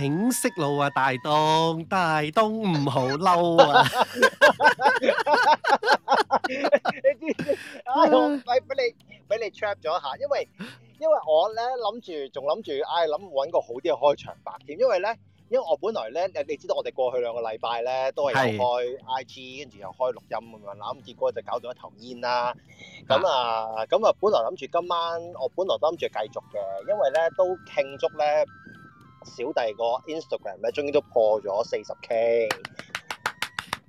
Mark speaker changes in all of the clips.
Speaker 1: 醒息路啊，大東大東唔好嬲
Speaker 2: 啊！哎我哎俾你俾你 Trap 咗一下，因為因為我咧諗住仲諗住，哎諗揾個好啲嘅開場白添，因為咧因為我本來咧，誒你知道我哋過去兩個禮拜咧都係開 IG，跟住又開錄音咁樣啦，咁結果就搞到一頭煙啦。
Speaker 1: 咁啊
Speaker 2: 咁啊，本來諗住今晚我本來都諗住繼續嘅，因為咧都慶祝咧。小弟個 Instagram 咧，終於都破咗四十 K，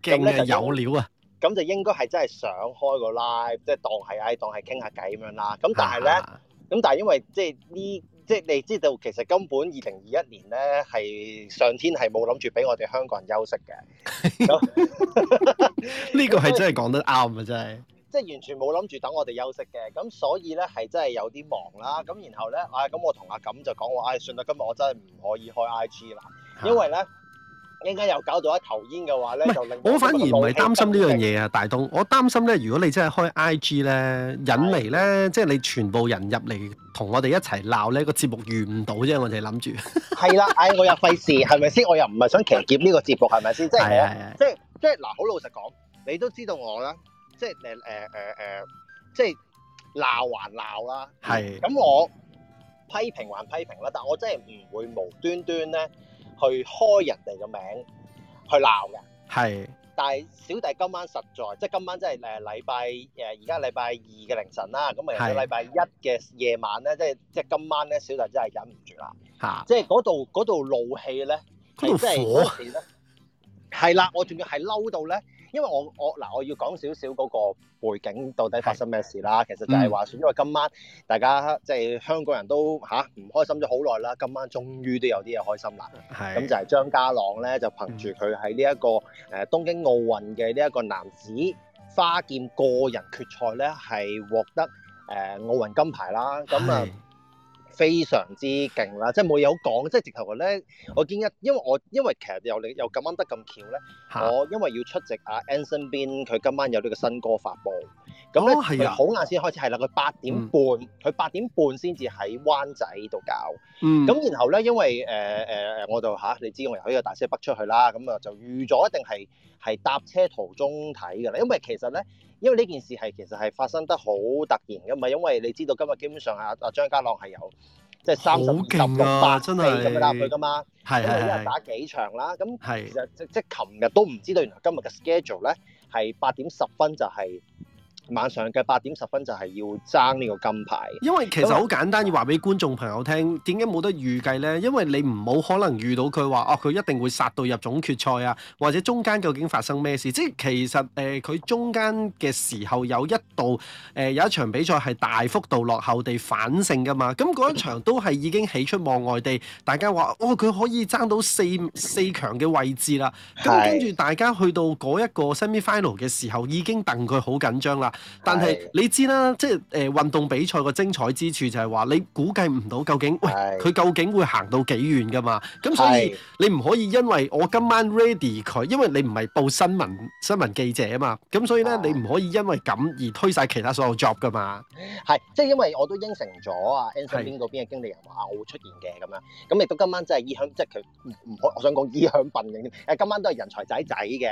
Speaker 1: 勁啊有料啊！咁
Speaker 2: 就、嗯嗯、應該係真係想開個 live，即係當係，當係傾下偈咁樣啦。咁、嗯、但係咧，咁、啊、但係因為即係呢，即係你知道，其實根本二零二一年咧，係上天係冇諗住俾我哋香港人休息嘅。
Speaker 1: 呢個係真係講得啱啊！真係。
Speaker 2: 即係完全冇諗住等我哋休息嘅，咁所以咧係真係有啲忙啦。咁然後咧，唉，咁我同阿錦就講話，唉，算啦，今日我真係唔可以開 IG 啦，因為咧一間又搞到一頭煙嘅話咧，就令……」唔係我反而唔係擔心
Speaker 1: 呢樣嘢啊，大東，我擔心咧，如果你真係開 IG 咧，引嚟咧，即係你全部人入嚟同我哋一齊鬧咧，個節目完唔到啫，我哋諗住係啦，唉，我又費事，係咪先？我又唔係想騎劫呢個節目，係咪先？即係即係
Speaker 2: 即係嗱，好老實講，你都知道我啦。即係誒誒誒誒，即係鬧還鬧啦，係咁我批評還批評啦，但係我真係唔會無端端咧去開人哋嘅名去鬧嘅，
Speaker 1: 係。
Speaker 2: 但係小弟今晚實在，即係今晚真係誒禮拜誒而家禮拜二嘅凌晨啦，咁啊禮拜一嘅夜晚咧，即係即係今晚咧，小弟真係忍唔住啦，吓。即係嗰度嗰度怒氣咧，
Speaker 1: 嗰度火氣
Speaker 2: 咧，係啦，我仲要係嬲到咧。因為我我嗱，我要講少少嗰個背景，到底發生咩事啦？係其實就係話，因為今晚大家即係、就是、香港人都嚇唔、啊、開心咗好耐啦，今晚終於都有啲嘢開心啦。咁係就係張家朗咧，就憑住佢喺呢一個誒、呃、東京奧運嘅呢一個男子花劍個人決賽咧，係獲得誒、呃、奧運金牌啦。咁啊～非常之勁啦，即係冇嘢好講，即係直頭話咧，我今日因為我因為其實又你又咁啱得咁巧咧，啊、我因為要出席阿、啊、Anson Bean，佢今晚有呢個新歌發布，咁咧佢好晏先開始係啦，佢八點半，佢八、嗯、點半先至喺灣仔度搞，咁、嗯、然後咧，因為誒誒、呃呃、我就嚇、啊、你知我由呢個大西北出去啦，咁啊就預咗一定係係搭車途中睇㗎啦，因為其實咧。因為呢件事係其實係發生得好突然嘅，唔係因為你知道今日基本上啊啊張家朗係有即係三十二、十六、八、四咁樣啦，佢今日都係打幾場啦。咁係其實係係即即琴日都唔知道，原來今日嘅 schedule 咧係八點十分就係、係。晚上嘅八點十分就係要爭呢個金牌，因為其實好
Speaker 1: 簡單，因為 要話俾觀眾朋友聽，點解冇得預計咧？因為你唔好可能遇到佢話哦，佢一定會殺到入總決賽啊，或者中間究竟發生咩事？即係其實誒佢，呃，中間嘅時候有一度誒，呃，有一場比賽係大幅度落後地反勝噶嘛，咁嗰一場都係已經喜出望外地，大家話哦佢可以爭到四四強嘅位置啦。咁跟住大家去到嗰一個 semi final 嘅時候，已經戥佢好緊張啦。但係你知啦，即係誒運動比賽個精彩之處就係話你估計唔到究竟喂佢究竟會行到幾遠噶嘛？咁所以你唔可以因為我今晚 ready 佢，因為你唔係報新聞新聞記者啊嘛，咁所以咧、啊、你唔可以因為咁而推晒其他所有 job 噶嘛？係，
Speaker 2: 即係因為我都應承咗啊，Angelina 嗰邊嘅經理人話我會出現嘅咁樣，咁亦都今晚真係意向即係佢唔唔可我想講意向笨型，誒今晚都係人才仔仔嘅，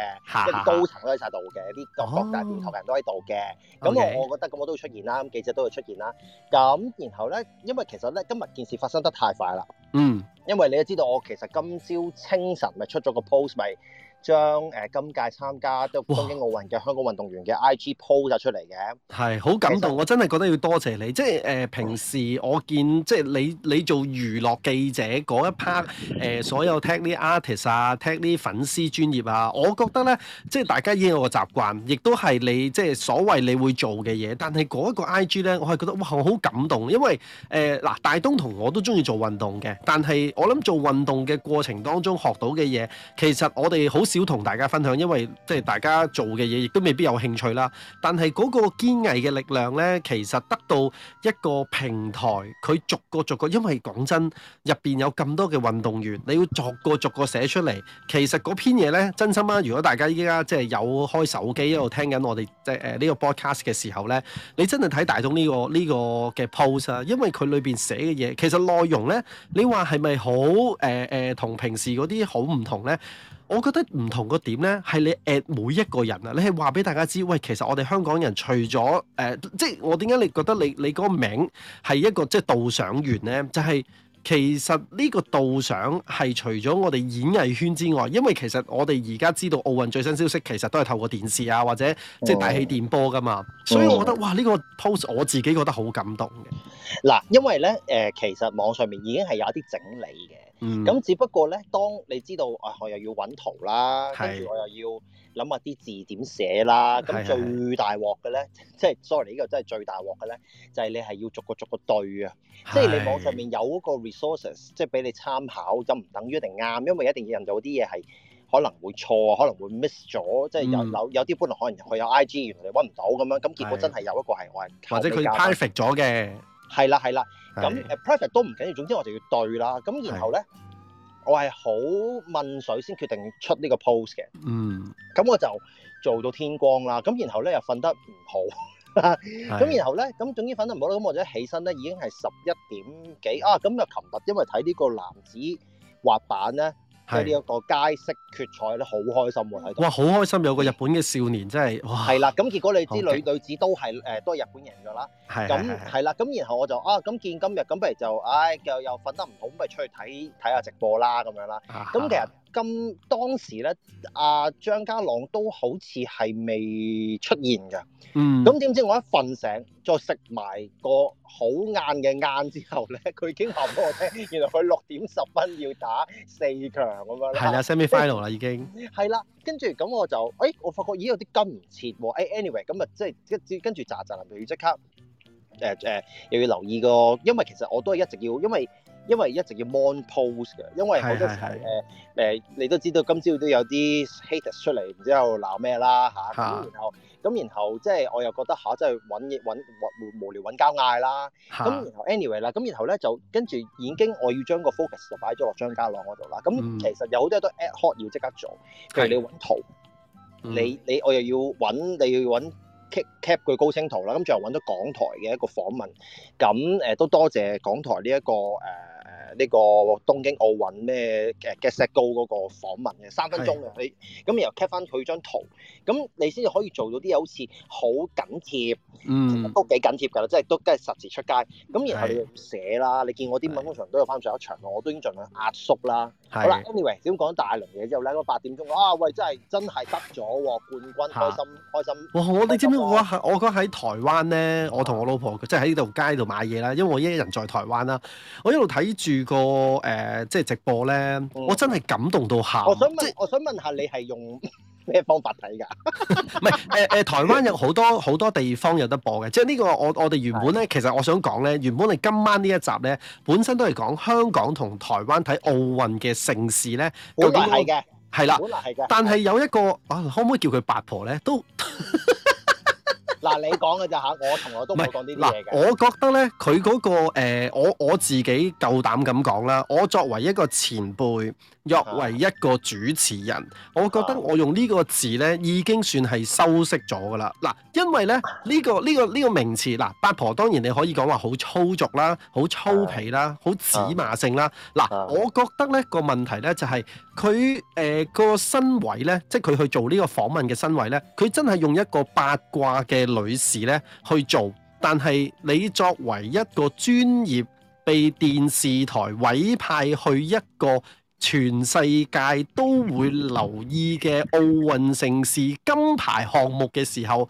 Speaker 2: 跟住、啊啊、高層都喺晒度嘅，啲各各大電台人都喺度嘅。啊啊咁 Okay. 我覺得咁我都會出現啦，咁記者都會出現啦。咁然後咧，因為其實咧今日件事發生得太快啦。嗯，因為你都知道，我其實今朝清晨咪出咗個 post 咪、就是。將誒、呃、今屆參加都東京奧運嘅香港運動員嘅 IG 鋪咗哇出嚟嘅，
Speaker 1: 係好感動，實我真係覺得要多謝你。即係誒、呃、平時我見即係你你做娛樂記者嗰一 part 誒、呃，所有 take 啲 artist 啊 ，take 啲粉絲專頁啊，我覺得呢，即係大家已經有個習慣，亦都係你即係所謂你會做嘅嘢。但係嗰一個 IG 呢，我係覺得哇，我好感動，因為誒嗱、呃，大東同我都中意做運動嘅，但係我諗做運動嘅過程當中學到嘅嘢，其實我哋好少同大家分享，因為即係大家做嘅嘢，亦都未必有興趣啦。但係嗰個堅毅嘅力量咧，其實得到一個平台，佢逐個逐個，因為講真，入邊有咁多嘅運動員，你要逐個逐個寫出嚟。其實嗰篇嘢咧，真心啊！如果大家依家即係有開手機一度聽緊我哋即係誒呢個 broadcast 嘅時候咧，你真係睇大東呢個呢個嘅 post 啦。因為佢裏邊寫嘅嘢，其實內容咧，你話係咪好誒誒同平時嗰啲好唔同咧？我覺得唔同個點呢，係你 at 每一個人啊，你係話俾大家知，喂，其實我哋香港人除咗誒、呃，即係我點解你覺得你你嗰個名係一個即係導賞員呢？就係、是、其實呢個導賞係除咗我哋演藝圈之外，因為其實我哋而家知道奧運最新消息，其實都係透過電視啊或者即係大氣電波噶嘛，哦、所以我覺得哇，呢、這個 post 我自己覺得好感動嘅。
Speaker 2: 嗱，因為呢，誒、呃，其實網上面已經係有一啲整理嘅。咁、嗯、只不過咧，當你知道，啊，我又要揾圖啦，跟住是我又要諗下啲字點寫啦。咁的最大鑊嘅咧，的即係 sorry，呢個真係最大鑊嘅咧，就係、是、你係要逐個逐個對啊。的即係你網上面有嗰個 resources，即係俾你參考，就唔等於一定啱，因為一定要有啲嘢係可能會錯，可能會 miss 咗。即係有、嗯、有啲本來可能佢有 IG，原來你揾唔到咁樣，咁結果真係有一個係我的，的或者佢 private 咗嘅。係啦係啦，咁誒 private 都唔緊要，總之我就要對啦。咁是的 然後咧，我係好問水先決定出呢個 post 嘅。嗯，咁我就做到天光啦。咁然後咧又瞓得唔好，咁 是的 然後咧，咁總之瞓得唔好啦。咁我就一起身咧已經係十一點幾啊。咁又琴日因為睇呢個男子滑板咧。即係呢一個街式決賽咧，好開心喎喺度。哇，好
Speaker 1: 開心！有個日本嘅少年真係哇。係
Speaker 2: 啦，咁結果你知女 Okay. 女子都係誒、呃、都係日本人㗎喇。係咁係啦，咁那的然後我就啊，咁見今日咁，不如就唉、哎，又又瞓得唔好，咁咪出去睇睇下直播啦咁樣啦。咁、啊、哈其實。咁當時咧，阿、啊、張家朗都好似係未出現嘅。嗯，咁點知我一瞓醒，再食埋個好晏嘅晏之後咧，佢已經話俾我聽， 原來佢六點十分要打四強咁樣咧。係啦，semi final 啦已經。係啦， 跟住咁我就，誒、哎，我發覺已經，咦、哎，有啲跟唔切喎。anyway 咁啊，即係跟跟住咋咋，就要即刻誒誒、呃呃，又要留意個，因為其實我都係一直要，因為。因為一直要 mon post 嘅，因為好多時係誒誒，你都知道今朝都有啲 hater 出嚟，唔知又鬧咩啦嚇。咁然後咁然後，然後即係我又覺得嚇，即係揾嘢揾揾無聊揾交嗌啦。咁是是 然後 anyway 啦，咁然後咧就跟住已經我要將個 focus 就擺咗落張家朗嗰度啦。咁其實有好多、嗯、都 at hot 要即刻做，譬如你揾圖，是你你、嗯、你我又要揾，你要揾 cap cap 佢高清圖啦。咁最後揾到港台嘅一個訪問，咁誒都多謝港台呢、這、一個誒。呃呢個東京奧運咩嘅 Get Set Go 嗰個訪問嘅三分鐘嘅你，咁是然後 cap 翻佢張圖，咁你先至可以做到啲好似好緊貼，嗯，都幾緊貼㗎啦，即係都都係實時出街。咁是然後你寫啦，你見我啲文工場都有翻上一場是我都已經盡量壓縮啦。是好啦，anyway，點講了大輪嘢之後咧，我八點鐘啊，喂，真係真係得咗喎，冠軍，開心開心，
Speaker 1: 啊。哇！我哋知唔知我喺我嗰喺台灣咧，我同我老婆即係喺呢度街度買嘢啦，因為我一人在台灣啦，我一路睇住。個誒、呃，即係直播咧，嗯、我真係感動到喊。我
Speaker 2: 想問，即我想問下你係用咩方法睇噶？
Speaker 1: 唔係誒誒，台灣有好多好多地方有得播嘅。即係呢個我我哋原本咧，的其實我想講咧，原本你今晚呢一集咧，本身都係講香港同台灣睇奧運嘅盛事咧。本嚟係嘅，係啦竟，係嘅。的的但係有一個啊，可唔可以叫佢八婆咧？都。
Speaker 2: 嗱， 你講嘅咋嚇？我同
Speaker 1: 我都唔係講啲嘢嘅。我覺得咧，佢嗰個，呃，我我自己夠膽咁講啦。我作為一個前輩。作為一個主持人，我覺得我用個呢個字呢已經算係修飾咗噶啦。嗱，因為咧呢、呢個呢、呢個呢、呢個名詞，嗱，八婆當然你可以講話好粗俗啦，好粗鄙啦，好指罵性啦。嗱，我覺得呢個問題呢、就是，就係佢誒個身位呢，即係佢去做呢個訪問嘅身位呢，佢真係用一個八卦嘅女士呢去做，但係你作為一個專業被電視台委派去一個。全世界都會留意嘅奧運城市金牌項目嘅時候，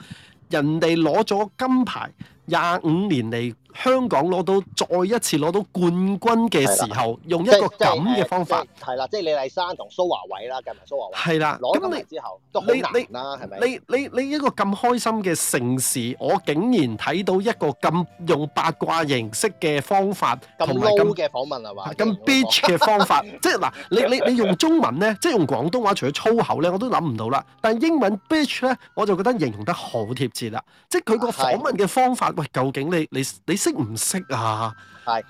Speaker 1: 人哋攞咗金牌廿五年嚟。香港攞到再一次攞到冠軍嘅時候，用一個咁嘅方法，
Speaker 2: 係啦，即係李麗珊同蘇華偉啦，計埋蘇華偉，係啦，攞完之後都好難啦，係咪？你
Speaker 1: 你你一個咁開心嘅盛事，我竟然睇到一個咁用八卦形式嘅方法，咁 low 嘅
Speaker 2: 訪問係嘛？咁 bitch 嘅方法，即
Speaker 1: 係嗱，你你你用中文咧，即係用廣東話，除咗粗口咧，我都諗唔到啦。但係英文 bitch 咧，我就覺得形容得好貼切啦。即係佢個訪問嘅方法，喂，究竟你你你識？唔識啊！係，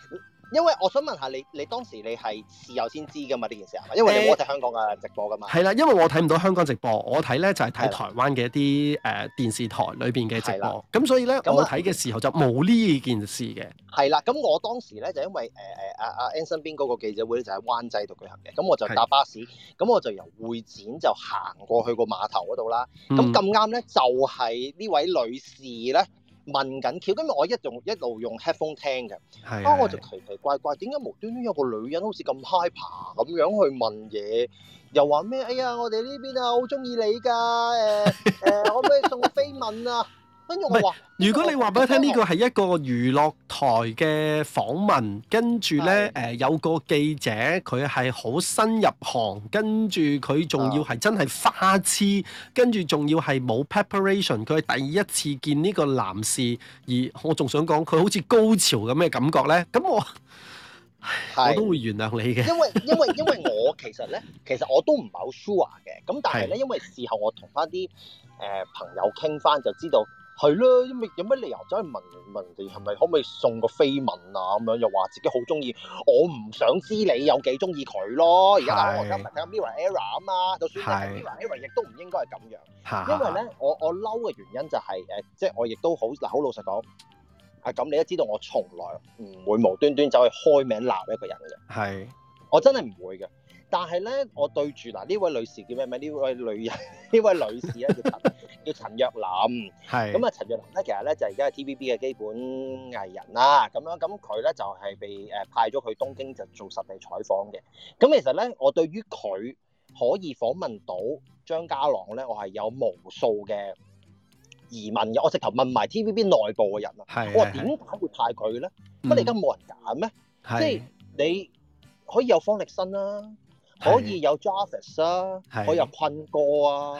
Speaker 2: 因為我想問下你，你當時你係事後先知噶嘛呢件事？因為你冇睇香港嘅直播噶嘛。係啦、
Speaker 1: 欸，因為我睇唔到香港直播，我睇咧就係睇台灣嘅一啲誒的、呃、電視台裏邊嘅直播。咁的所以咧，我睇嘅時候就冇呢件事嘅。
Speaker 2: 係啦，咁我當時咧就因為誒誒阿阿 N 身邊嗰個記者會咧就喺灣仔度舉行嘅，咁我就搭巴士，咁的我就由會展就行過去個碼頭嗰度啦。咁咁啱咧，就係、是、呢位女士咧。問緊橋，因為我一用一路用 headphone 聽嘅。啊是我就奇奇怪怪、怪，點解無端端有個女人好似咁 hyper 咁樣去問
Speaker 1: 嘢，又話
Speaker 2: 咩？哎呀，我哋呢邊啊，好中意你㗎，誒、欸、誒、欸，我俾你送個飛吻啊！是
Speaker 1: 如果你話俾我聽，呢個係一個娛樂台嘅訪問，跟住呢，誒的、呃、有個記者佢係好新入行，跟住佢仲要係真係花痴，跟住仲要係冇 preparation，佢係第一次見呢個男士，而我仲想講佢好似高潮咁嘅感覺呢。咁我的我都會原諒你嘅，因
Speaker 2: 為因為因為我其實呢， 其實我都唔係好 sure 嘅。咁但係呢，因為事後我同翻啲誒朋友傾翻，就知道。係咯，因為有乜理由走去問問人哋係咪可唔可以送個飛吻啊？咁樣又話自己好中意，我唔想知你有幾中意佢咯。而家我今日，唔係呢輪 Era 啊嘛，就算 Era，亦都唔應該係咁樣，因為咧我我嬲嘅原因就係、是、誒，即係我亦都好嗱，好老實講啊，咁你都知道我從來唔會無端端走去開名鬧一個人嘅，係是我真係唔會嘅。但係咧，我對住嗱呢位女士叫咩名？呢位女人，呢位女士咧叫陳 叫陳若琳。係咁啊，welche ikka uh, 陳若琳咧其實咧就而家係 TVB 嘅基本藝人啦。咁樣咁佢咧就係被誒派咗去東京就做實地採訪嘅。咁其實咧，我對於佢可以訪問到張家朗咧，我係有無數嘅疑問嘅。我直頭問埋 TVB 內部嘅人啊，我話點解會派佢咧？乜你而家冇人揀咩？即係你可以有方力申啦。嗯可以是有 j a f a 啊，我有昆哥啊，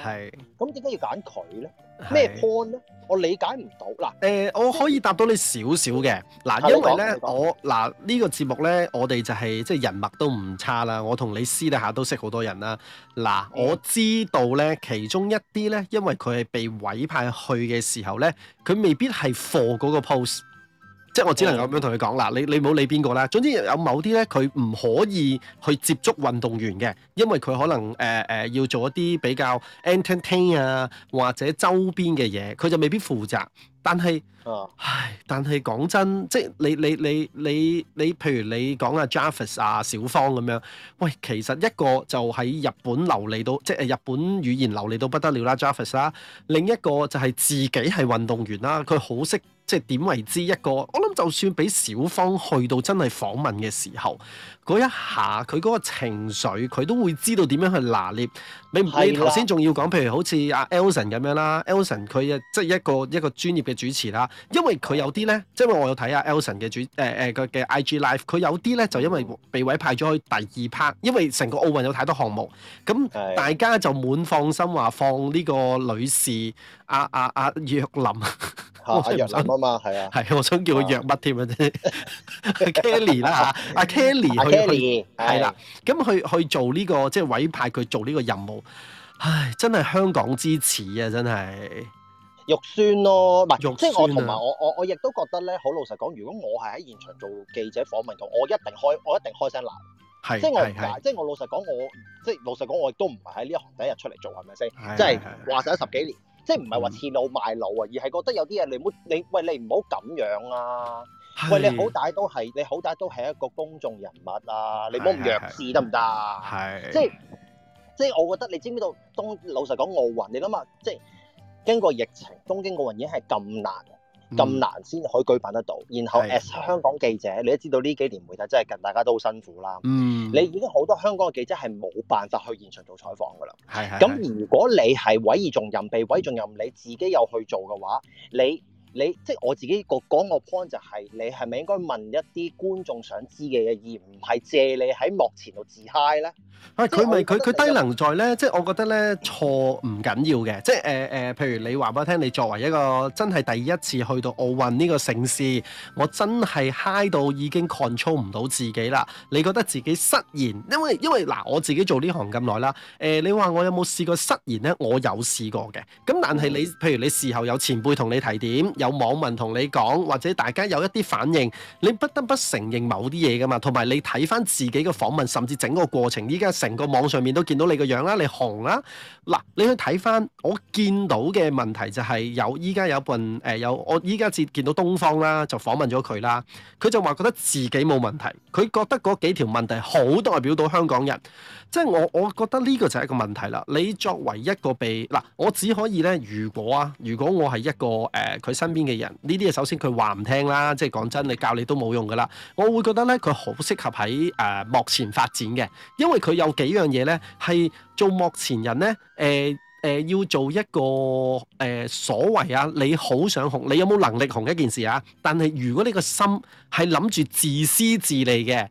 Speaker 2: 咁點解要揀佢咧？咩 point 咧？我理解唔到。嗱，
Speaker 1: 誒、呃，我可以答到你少少嘅。嗱，是因為咧，說我嗱呢、這個節目咧，我哋就係、是、即係人脈都唔差啦。我同你私底下都識好多人啦。嗱，嗯、我知道咧，其中一啲咧，因為佢係被委派去嘅時候咧，佢未必係 for 嗰個 post。即係我只能咁樣同佢講啦，你你唔好理邊個啦，總之有某啲咧，佢唔可以去接觸運動員嘅，因為佢可能誒誒、呃呃、要做一啲比較 entertain 啊，或者周邊嘅嘢，佢就未必負責。但係，誒，但係講真，即係你你你你你，譬如你講阿 Jeffers 啊，小方咁樣，喂，其實一個就喺日本流利到，即係日本語言流利到不得了啦，Jeffers 啦，vis, 另一個就係自己係運動員啦，佢好識。即係點為之一個？我諗就算俾小方去到真係訪問嘅時候，嗰一下佢嗰個情緒，佢都會知道點樣去拿捏。你你頭先仲要講，譬如好似阿 Elson 咁樣啦，Elson 佢啊，即係一個一個專業嘅主持啦。因為佢有啲咧，即係因為我有睇阿 Elson 嘅主誒誒嘅嘅 IG Live，佢有啲咧就因為被委派咗去第二 part，因為成個奧運有太多項目，咁大家就滿放心話放呢個女士，阿阿阿若琳。 啊藥乜嘛係啊係，我想叫佢藥乜添啊啲 Kenny 啦嚇，阿 Kenny 去係啦，咁去去做呢個即係委派佢做呢個任務。唉，真係香港之恥啊！真係肉酸咯，唔係即係我同埋我
Speaker 2: 我我亦都覺得咧。好老實講，如果我係喺現場做記者訪問度，我一定開我一定開聲鬧。係即係我唔解，即係我老實講，我即係老實講，我亦都唔係喺呢一行第一日出嚟做係咪先？即係話曬十幾年。即係唔係話恃老賣老啊？而係覺得有啲嘢你唔好，你喂，你唔好咁樣啊！是喂，你好歹都係，你好歹都係一個公眾人物啊！你唔好弱智得唔得？係、啊、即係即係我覺得你知唔知道東，老實講，奧運你諗下，即係經過疫情，東京奧運已經係咁難咁、嗯、難先可以舉辦得到。然後是是 as 香港記者你都知道呢幾年媒體真係近大家都好辛苦啦。嗯。你已經好多香港嘅記者係冇辦法去現場做採訪㗎啦。係係。咁如果你係委以重任，被委以重任，你自己又去做嘅話，你。你即係我自己個講個 point 就係、是、你係咪應該問一啲觀眾想知嘅嘢，而唔係借你喺幕前度自嗨呢？
Speaker 1: 啊，佢咪佢佢低能在呢，即係我覺得呢 錯唔緊要嘅。即係誒誒，譬如你話俾我聽，你作為一個真係第一次去到奧運呢個城市，我真係嗨到已經 control 唔到自己啦。你覺得自己失言，因為因為嗱、呃，我自己做呢行咁耐啦。誒、呃，你話我有冇試過失言呢？我有試過嘅。咁但係你譬如你事後有前輩同你提點，有網民同你講，或者大家有一啲反應，你不得不承認某啲嘢噶嘛。同埋你睇翻自己嘅訪問，甚至整個過程，依家成個網上面都見到你個樣啦，你紅啦。嗱，你去睇翻我見到嘅問題就係有依家有份誒、呃、有我依家至見到東方啦，就訪問咗佢啦。佢就話覺得自己冇問題，佢覺得嗰幾條問題好代表到香港人。即係我我覺得呢個就係一個問題啦。你作為一個被嗱，我只可以呢，如果啊，如果我係一個誒佢身。呃身邊嘅人，呢啲嘢，首先佢話唔聽啦，即係講真，你教你都冇用噶啦。我會覺得呢，佢好適合喺誒、呃、幕前發展嘅，因為佢有幾樣嘢呢，係做幕前人呢，誒、呃、誒、呃、要做一個誒、呃、所謂啊！你好想紅，你有冇能力紅一件事啊？但係如果你個心係諗住自私自利嘅，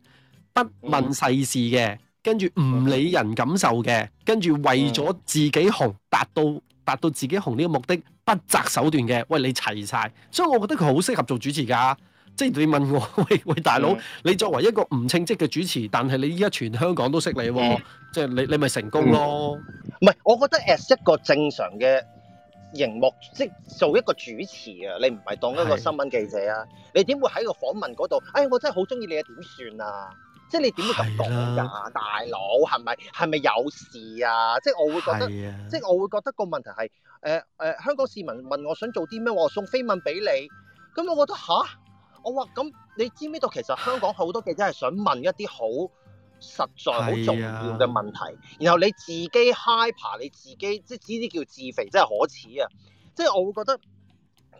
Speaker 1: 不問世事嘅，跟住唔理人感受嘅，跟住為咗自己紅達到。達到自己紅呢個目的不擇手段嘅，喂你齊晒，所以我覺得佢好適合做主持噶。即係你問我，喂喂大佬，嗯、你作為一個唔稱職嘅主持，但係你依家全香港都識你，嗯、即係你你咪成功咯。唔係、嗯，我覺得 as 一個正常嘅熒幕，
Speaker 2: 即做一個主持啊，你唔係當一個新聞記者啊，是你點會喺個訪問嗰度？哎，我真係好中意你啊，點算啊？即係你點會咁講㗎，的大佬係咪係咪有事啊？即係我會覺得，的即係我會覺得個問題係誒誒香港市民問我想做啲咩，我送飛問俾你。咁我覺得吓？我話咁你知唔知道其實香港好多記者係想問一啲好實在、好重要嘅問題，的然後你自己 hyper 你自己，即係呢啲叫自肥真係可恥啊！即係我會覺得。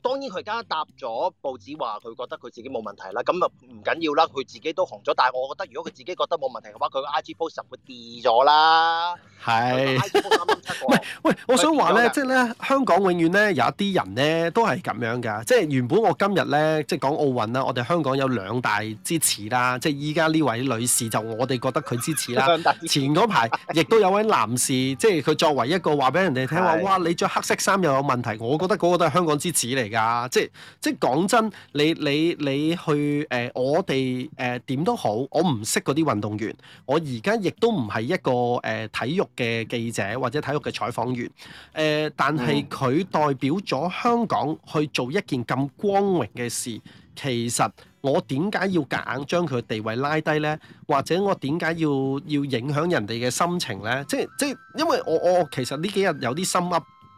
Speaker 2: 當然佢而家答咗報紙話佢覺得佢自己冇問題啦，咁啊唔緊要啦，佢自己都紅咗。但係我覺得如果佢自己覺得冇問題嘅話，佢個 IG post 實會跌咗啦。
Speaker 1: 係是，剛剛 喂，我想話咧，即係咧，香港永遠咧有一啲人咧都係咁樣㗎。即係原本我今日咧即係講奧運啦，我哋香港有兩大支持啦。即係依家呢位女士就我哋覺得佢支持啦。 支持前嗰排亦都有位男士， 即係佢作為一個話俾人哋聽話，哇！你着黑色衫又有問題，我覺得嗰個都係香港支持嚟。即即講真，你你你去誒，呃，我哋誒點都好，我唔識嗰啲運動員，我而家亦都唔係一個誒，呃，體育嘅記者或者體育嘅採訪員，呃，但係佢代表咗香港去做一件咁光榮嘅事，其實我點解要夾硬將佢地位拉低呢？或者我點解要要影響人哋嘅心情呢？即即因為我我其實呢幾日有啲心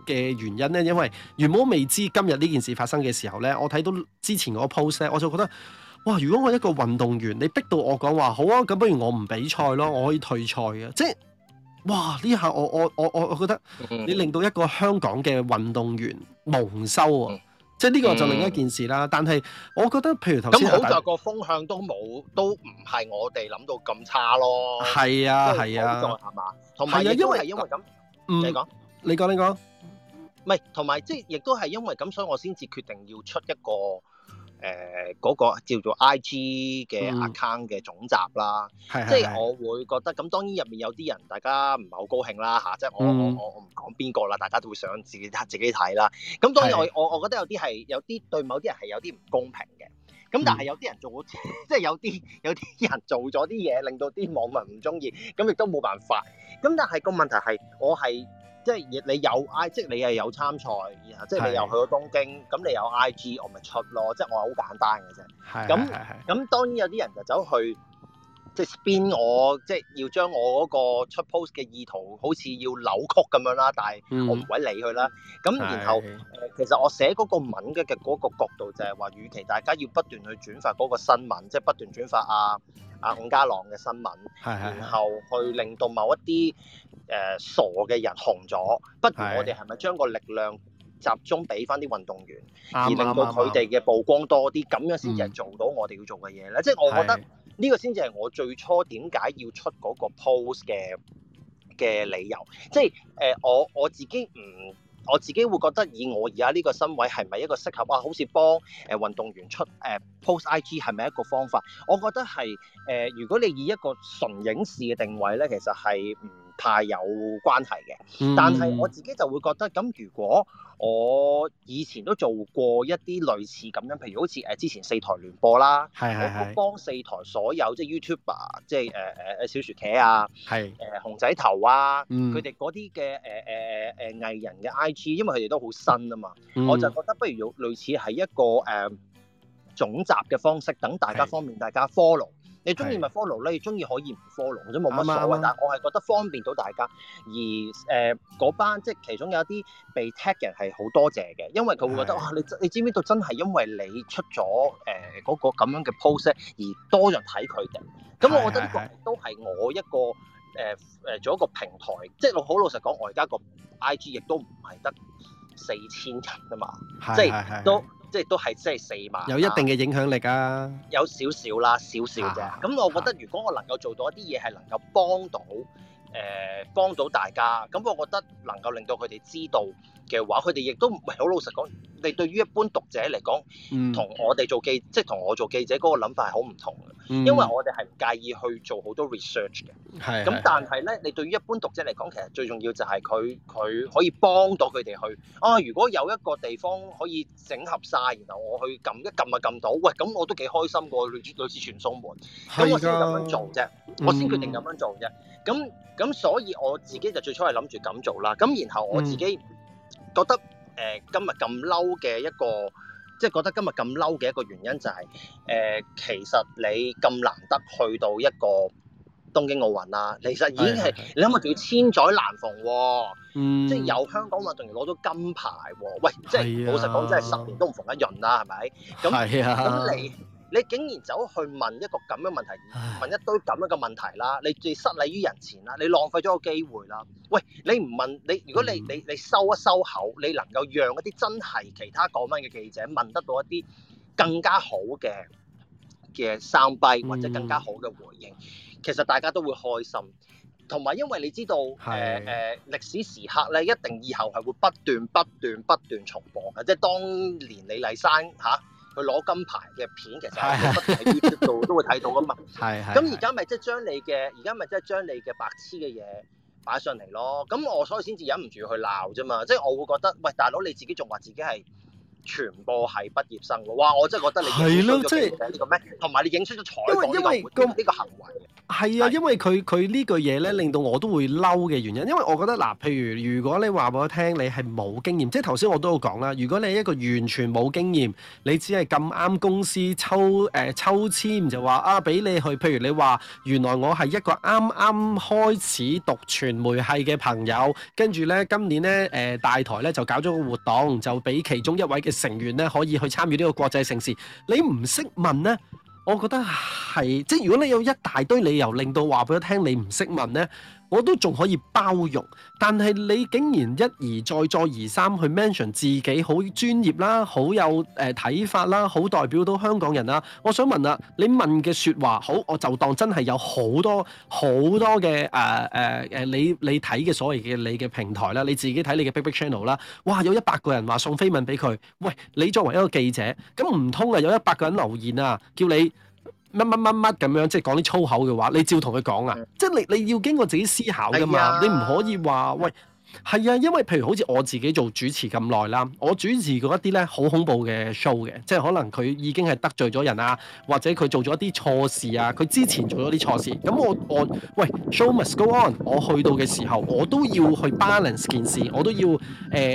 Speaker 1: 嘅原因咧，因為原本未知今日呢件事發生嘅時候咧，我睇到之前嗰個 post 咧，我就覺得哇！如果我一個運動員，你逼到我講話，好啊，咁不如我唔比賽咯，我可以退賽嘅、啊。即係哇！呢下我我我我覺得，你令到一個香港嘅運動員蒙羞啊！嗯、即係呢個就另一件事啦。嗯、但係我覺得，譬如頭先咁好在個
Speaker 2: 風向都冇，都唔係我哋諗到咁差咯。係啊，係啊，係嘛？同埋亦都因為
Speaker 1: 咁、嗯嗯。你講，你講，你講。
Speaker 2: 唔係，同埋即係亦都係因為咁，所以我先至決定要出一個誒嗰、呃嗰個叫做 I G 嘅 account 嘅總集啦。即係我會覺得咁，當然入面有啲人，大家唔係好高興啦吓，即係、嗯、我我我唔講邊個啦，大家都會想自己睇自己睇啦。咁當然我、嗯、我我覺得有啲係有啲對某啲人係有啲唔公平嘅。咁但係有啲人做咗，即係、嗯、 有啲有啲人做咗啲嘢，令到啲網民唔中意，咁亦都冇辦法。咁但係個問題係我係。即係你有 IG，即係你係有參賽，然後即係你又去咗東京，咁是的 你有 IG，我咪出咯，即係我係好簡單嘅啫。咁咁當然有啲人就走去 Spin 我即係要將我嗰個出 post 嘅意圖好似要扭曲咁樣啦，但係我唔會理佢啦。咁然後誒是的 其實我寫嗰個文嘅嘅嗰個角度就係話與其大家要不斷去轉發嗰個新聞，即係不斷轉發啊啊孔家朗嘅新聞，然後去令到某一啲誒、呃、傻嘅人紅咗，不如我哋係咪將個力量集中俾翻啲運動員，是的 而令到佢哋嘅曝光多啲，咁是的、嗯、樣先至係做到我哋要做嘅嘢咧？即係我覺得。呢個先至係我最初點解要出嗰個 post 嘅嘅理由，即係誒、呃、我我自己唔，我自己會覺得以我而家呢個身位係咪一個適合啊？好似幫誒、呃、運動員出誒 post IG 係咪一個方法？我覺得係誒、呃、如果你以一個純影視嘅定位咧，其實係唔。太有關係嘅，嗯、但係我自己就會覺得咁。如果我以前都做過一啲類似咁樣，譬如好似誒、呃、之前四台聯播啦，係，係係，幫四台所有即係 YouTuber 即係誒誒誒小薯茄啊，係誒熊仔頭啊，佢哋嗰啲嘅誒誒誒誒藝人嘅 IG，因為佢哋都好新啊嘛，嗯、我就覺得不如類似係一個誒、呃、總集嘅方式，等大家方便大家 follow。是你中意咪 follow 咧？中意可以唔 follow 都冇乜所謂。嗯嗯嗯、但係我係覺得方便到大家。而誒嗰、呃、班即係其中有一啲被 tag 嘅人係好多謝嘅，因為佢會覺得哇是、哦！你你知唔知道真係因為你出咗誒嗰個咁樣嘅 post 而多人睇佢哋。」咁我覺得呢個都係我一個誒誒、呃、做一個平台，即係我好老實講，我4，而家個 IG 亦都唔係得四千人啊嘛，是即係都。是即係都係，即係四萬、啊。有一定
Speaker 1: 嘅影響力啊！
Speaker 2: 有少少啦，少少啫。咁、啊、我覺得，如果我能夠做到一啲嘢係能夠幫到，誒、呃、幫到大家，咁我覺得能夠令到佢哋知道嘅話，佢哋亦都，唔係，好老實講。你對於一般讀者嚟講，同、嗯、我哋做記，即係同我做記者嗰個諗法係好唔同嘅，嗯、因為我哋係唔介意去做好多 research 嘅。係是是、嗯。咁但係咧，你對於一般讀者嚟講，其實最重要就係佢佢可以幫到佢哋去啊！如果有一個地方可以整合晒，然後我去撳一撳啊撳到，喂，咁我都幾開心過，類似類似傳送門。係咁的我先咁樣做啫，嗯、我先決定咁樣做啫。咁咁所以我自己就最初係諗住咁做啦。咁然後我自己覺得、嗯。誒、呃、今日咁嬲嘅一個，即係覺得今日咁嬲嘅一個原因就係、是，誒、呃、其實你咁難得去到一個東京奧運啦、啊，其實已經係你諗下叫千載難逢喎、啊，嗯、即係由香港運動員攞到金牌喎、啊，喂，即係、啊、老實講真係十年都唔逢一閏啦、啊，係咪？咁咁、啊呃、你。你竟然走去問一個咁樣問題，問一堆咁樣嘅問題啦，你最失禮於人前啦，你浪費咗個機會啦。喂，你唔問你，如果你你你收一收口，你能夠讓一啲真係其他港聞嘅記者問得到一啲更加好嘅嘅三幣或者更加好嘅回應，其實大家都會開心。同埋因為你知道，誒、呃、誒、呃、歷史時刻咧，一定以後係會不斷不斷不斷重播嘅，即係當年李麗珊嚇。啊。佢攞金牌嘅片其實都不停喺 YouTube 度都會睇到啊嘛，咁而家咪即係將你嘅，而家咪即係將你嘅白痴嘅嘢擺上嚟咯，咁我所以先至忍唔住去鬧啫嘛，即係我會覺得，喂，大佬你自己仲話自己係。全部係畢業生嘅，哇！我真係覺得你係咯，即係呢個咩？同埋你影出咗採訪，因為個
Speaker 1: 活，呢個行為係啊，因為佢佢呢句嘢咧，令到我都會嬲嘅原因，因為我覺得嗱，譬如，如果你話俾我聽你係冇經驗，即係頭先我都有講啦，如果你一個完全冇經驗，你只係咁啱公司抽誒、呃、抽籤就話啊，俾你去，譬如你話原來我係一個啱啱開始讀傳媒係嘅朋友，跟住咧今年咧誒、呃、大台咧就搞咗個活動就俾其中一位成員咧可以去參與呢個國際盛事。你唔識問呢？我覺得係即係如果你有一大堆理由令到話俾我聽，你唔識問呢。我都仲可以包容，但係你竟然一而再、再而三去 mention 自己好專業啦、好有誒睇、呃、法啦、好代表到香港人啦，我想問啊，你問嘅説話好，我就當真係有好多好多嘅誒誒誒，你你睇嘅所謂嘅你嘅平台啦，你自己睇你嘅 Big Big Channel 啦，哇，有一百個人話送飛吻俾佢，喂，你作為一個記者，咁唔通啊有一百個人留言啊，叫你？乜乜乜乜咁樣，即係講啲粗口嘅話，你照同佢講啊？即係你你要經過自己思考噶嘛，哎、呀你唔可以話喂。係啊，因為譬如好似我自己做主持咁耐啦，我主持過一啲咧好恐怖嘅 show 嘅，即係可能佢已經係得罪咗人啊，或者佢做咗一啲錯事啊，佢之前做咗啲錯事，咁我我喂 show must go on，我去到嘅時候，我都要去 balance 件事，我都要誒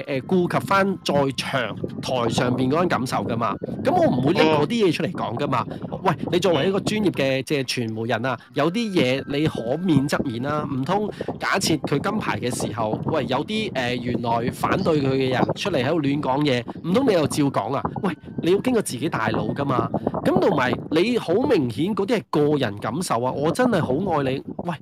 Speaker 1: 誒顧及翻在場台上邊嗰種感受㗎嘛，咁我唔會拎嗰啲嘢出嚟講㗎嘛。喂，你作為一個專業嘅即係傳媒人啊，有啲嘢你可免則免啦，啊，唔通假設佢金牌嘅時候，喂～有啲誒、呃、原來反對佢嘅人出嚟喺度亂講嘢，唔通你又照講啊？喂，你要經過自己大腦噶嘛？咁同埋你好明顯嗰啲係個人感受啊！我真係好愛你。喂，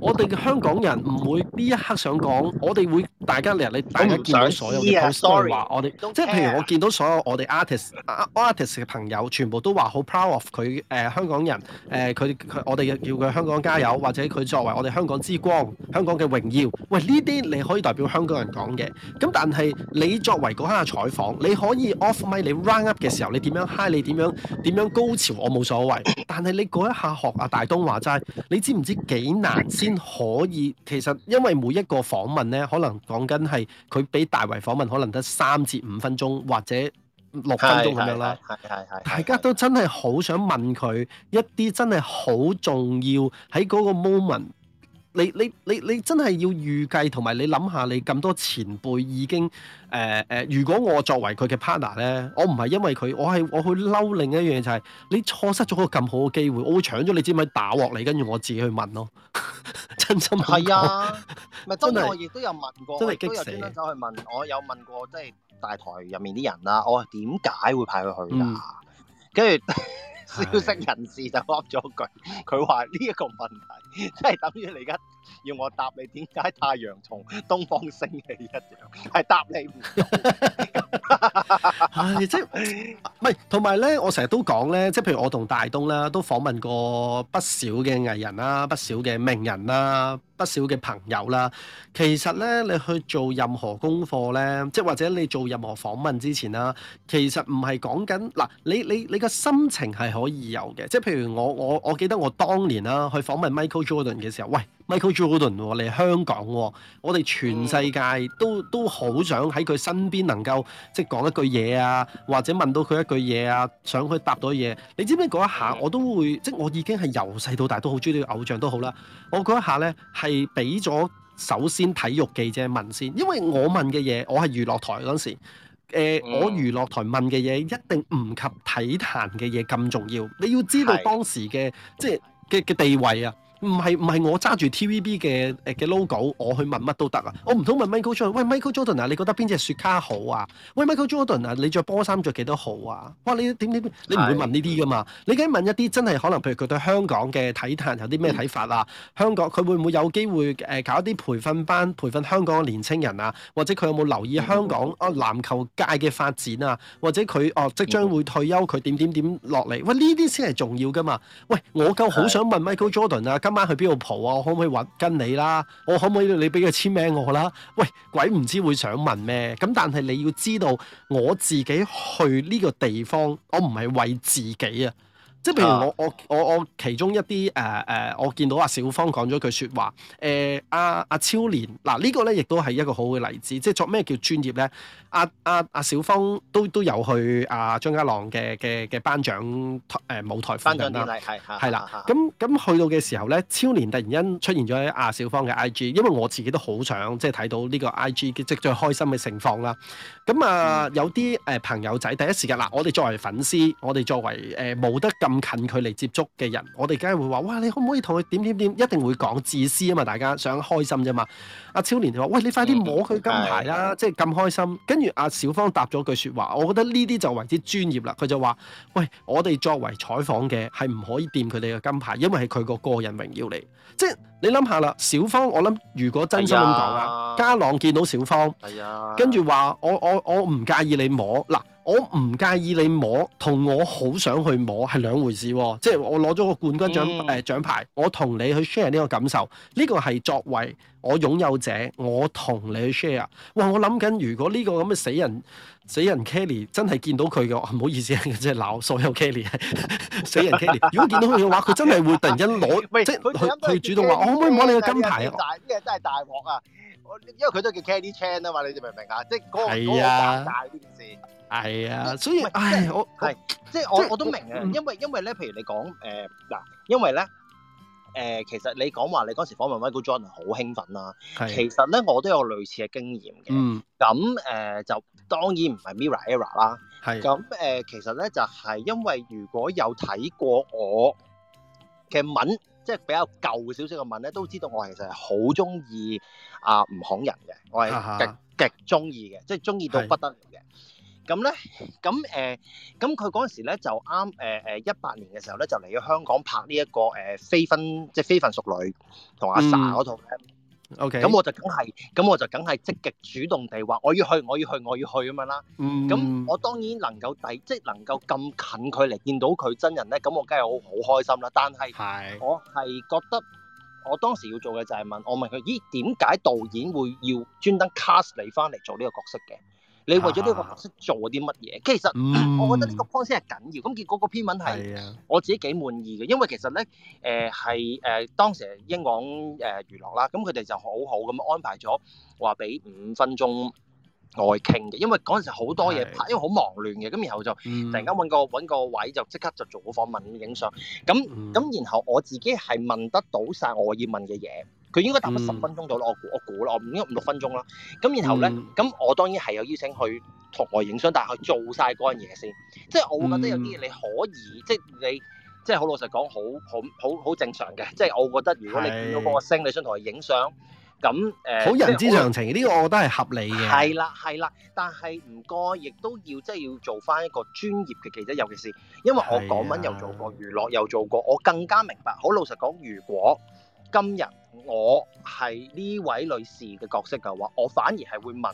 Speaker 1: 我哋嘅香港人唔會呢一刻想講，我哋會。大家嚟，你大家見到所有嘅 post 都話我哋，嗯、即係譬如我見到所有我哋 artist artist 嘅朋友，全部都話好 proud of 佢誒、呃、香港人，誒佢佢我哋叫佢香港加油，或者佢作為我哋香港之光、香港嘅榮耀。喂，呢啲你可以代表香港人講嘅，咁但係你作為嗰一下採訪，你可以 off mic 你 round up 嘅時候你 high，你，你點樣 high 你點樣點樣高潮，我冇所謂。但係你嗰一下學阿大東話齋，你知唔知幾難先可以？其實因為每一個訪問呢，可能。講緊係佢俾大圍訪問，可能得三至五分鐘或者六分鐘咁樣啦。係係係， 大家都真係好想問佢一啲真係好重要喺嗰個 moment。你你你你真係要預計同埋你諗下，你咁多前輩已經誒誒、呃呃，如果我作為佢嘅 partner 咧，我唔係因為佢，我係我去嬲另一樣嘢就係、是、你錯失咗個咁好嘅機會，我會搶咗你，知唔知打鑊你，跟住我自己去問咯，真心係啊，唔 真係的的我亦
Speaker 2: 都有問過，真係激死，走去問我有問過即係大台入面啲人啦，我點解會派佢去㗎？跟住、嗯。然後 消息人士就噏咗句，佢話呢一個問題即係等於你而家。要我答你點解太陽從東方升起一樣，係答你
Speaker 1: 唔到。唔係同埋咧，我成日都講咧，即係譬如我同大東啦，都訪問過不少嘅藝人啦，不少嘅名人啦，不少嘅朋友啦。其實咧，你去做任何功課咧，即係或者你做任何訪問之前啦，其實唔係講緊嗱，你你你個心情係可以有嘅。即係譬如我我我記得我當年啦去訪問 Michael Jordan 嘅時候，喂 Michael。Jordan 嚟香港喎，我哋全世界都都好想喺佢身邊，能夠即係講一句嘢啊，或者問到佢一句嘢啊，想佢答到嘢。你知唔知嗰一下我都會，即係我已經係由細到大都好中意呢個偶像都好啦。我嗰一下呢，係俾咗首先體育記者問先，因為我問嘅嘢，我係娛樂台嗰陣時，呃嗯、我娛樂台問嘅嘢一定唔及體壇嘅嘢咁重要。你要知道當時嘅的即係嘅地位啊。唔係唔係，我揸住 TVB 嘅誒嘅 logo，我去問乜都得啊！我唔通問 Michael Jordan？喂，Michael Jordan 啊，你覺得邊隻雪茄好啊？喂，Michael Jordan 啊，你着波衫着幾多號啊？哇！你點點？你唔會問呢啲噶嘛？你梗係問一啲真係可能，譬如佢對香港嘅體壇有啲咩睇法啊？香港佢會唔會有機會誒、呃、搞一啲培訓班，培訓香港嘅年青人啊？或者佢有冇留意香港啊、呃、籃球界嘅發展啊？或者佢哦、呃、即將會退休，佢點點點落嚟？喂，呢啲先係重要噶嘛？喂，我夠好想問 Michael Jordan 啊，今晚去邊度蒲啊？我可唔可以搵跟你啦？我可唔可以你俾個簽名我啦？喂，鬼唔知會想問咩？咁但係你要知道，我自己去呢個地方，我唔係為自己啊。即係譬如我我我我其中一啲誒誒我見到阿小芳講咗句說話誒阿阿超蓮嗱、啊這個、呢個咧，亦都係一個好嘅例子。即係作咩叫專業咧？阿阿阿小芳都都有去阿、啊、張家朗嘅嘅嘅頒獎台誒舞台頒獎啦係啦。咁咁去到嘅時候咧，超蓮突然間出現咗阿小芳嘅 I G，因為我自己都好想即係睇到呢個 I G 即最開心嘅情況啦。咁啊、嗯、有啲誒朋友仔第一時間嗱，我哋作為粉絲，我哋作為誒冇、呃、得咁。咁近距離接觸嘅人，我哋梗係會話，哇！你可唔可以同佢點點點？一定會講自私啊嘛，大家想開心啫嘛。阿超年就話：，喂，你快啲摸佢金牌啦！嗯嗯、即係咁開心。跟住阿小芳答咗句説話，我覺得呢啲就為之專業啦。佢就話：，喂，我哋作為採訪嘅係唔可以掂佢哋嘅金牌，因為係佢個個人榮耀嚟。即係你諗下啦，小芳，我諗如果真心咁講啦，哎、呀家朗見到小芳，跟住話：我我我唔介意你摸嗱。我唔介意你摸，同我好想去摸係兩回事。即係我攞咗個冠軍獎誒獎牌，我同你去 share 呢個感受。呢個係作為我擁有者，我同你去 share。哇！我諗緊，如果呢個咁嘅死人死人 Kelly 真係見到佢嘅，唔好意思，即係鬧所有 Kelly 死人 Kelly。如果見到佢嘅話，佢真係會突然間攞即係佢佢主動話，我可唔可以摸你個金牌啊？大啲嘢真係大鑊
Speaker 2: 啊！我因為佢都叫 Kelly Chan 啊嘛，你哋明唔明啊？即係嗰個大件事。
Speaker 1: 係啊，所
Speaker 2: 以即係我係即係我我都明啊，因為因為咧，譬如你講誒嗱，因為咧誒，其實你講話你嗰時訪問 Michael Jordan 好興奮啦，其實咧我都有類似嘅經驗嘅，咁誒就當然唔係 Mirror Era 啦，咁誒其實咧就係因為如果有睇過我嘅文，即係比較舊少少嘅文咧，都知道我其實係好中意啊唔恐人嘅，我係極極中意嘅，即係中意到不得嘅。咁咧，咁誒，咁佢嗰陣時咧就啱誒誒一八年嘅時候咧就嚟咗香港拍呢、這個呃、一個誒非分即係非分熟女同阿 Sa 嗰套咧。咁、嗯、我就梗係，咁、嗯、我就梗係積極主動地話我要去，我要去，我要去咁樣啦。嗯，咁我當然能夠第即係能夠咁近距離見到佢真人咧，咁我梗係好好開心啦。但係我係覺得我當時要做嘅就係問我問佢咦點解導演會要專登 cast 你翻嚟做呢個角色嘅？你為咗呢個方式做啲乜嘢？其實我覺得呢個方式係緊要。咁、嗯、結果個篇文係我自己幾滿意嘅，因為其實咧誒係誒當時英皇誒、呃、娛樂啦，咁佢哋就好好咁安排咗話俾五分鐘外傾嘅。因為嗰陣時好多嘢拍，因為好忙亂嘅。咁然後就突然間揾個揾個位就即刻就做好訪問影相。咁咁、嗯嗯、然後我自己係問得到晒我要問嘅嘢。佢應該答咗十分鐘到咯、嗯，我估，我估啦，我五應該五六分鐘啦。咁然後咧，咁、嗯、我當然係有邀請去同我影相，但係做曬嗰樣嘢先。即係我會覺得有啲嘢你可以，嗯、即係你即係好老實講，好好好好正常嘅。即係我覺得，如果你見到嗰個星，你想同佢影相，咁誒，好、呃、人之常情，呢、呃、
Speaker 1: 我個我覺得係合理嘅。
Speaker 2: 係啦，係啦，但係唔過亦都要即係要做翻一個專業嘅記者，尤其是因為我港聞又做過，娛樂
Speaker 1: 又做過，我
Speaker 2: 更加明白。好老實講，如果今日我係呢位女士嘅角色嘅話，我反而係會問，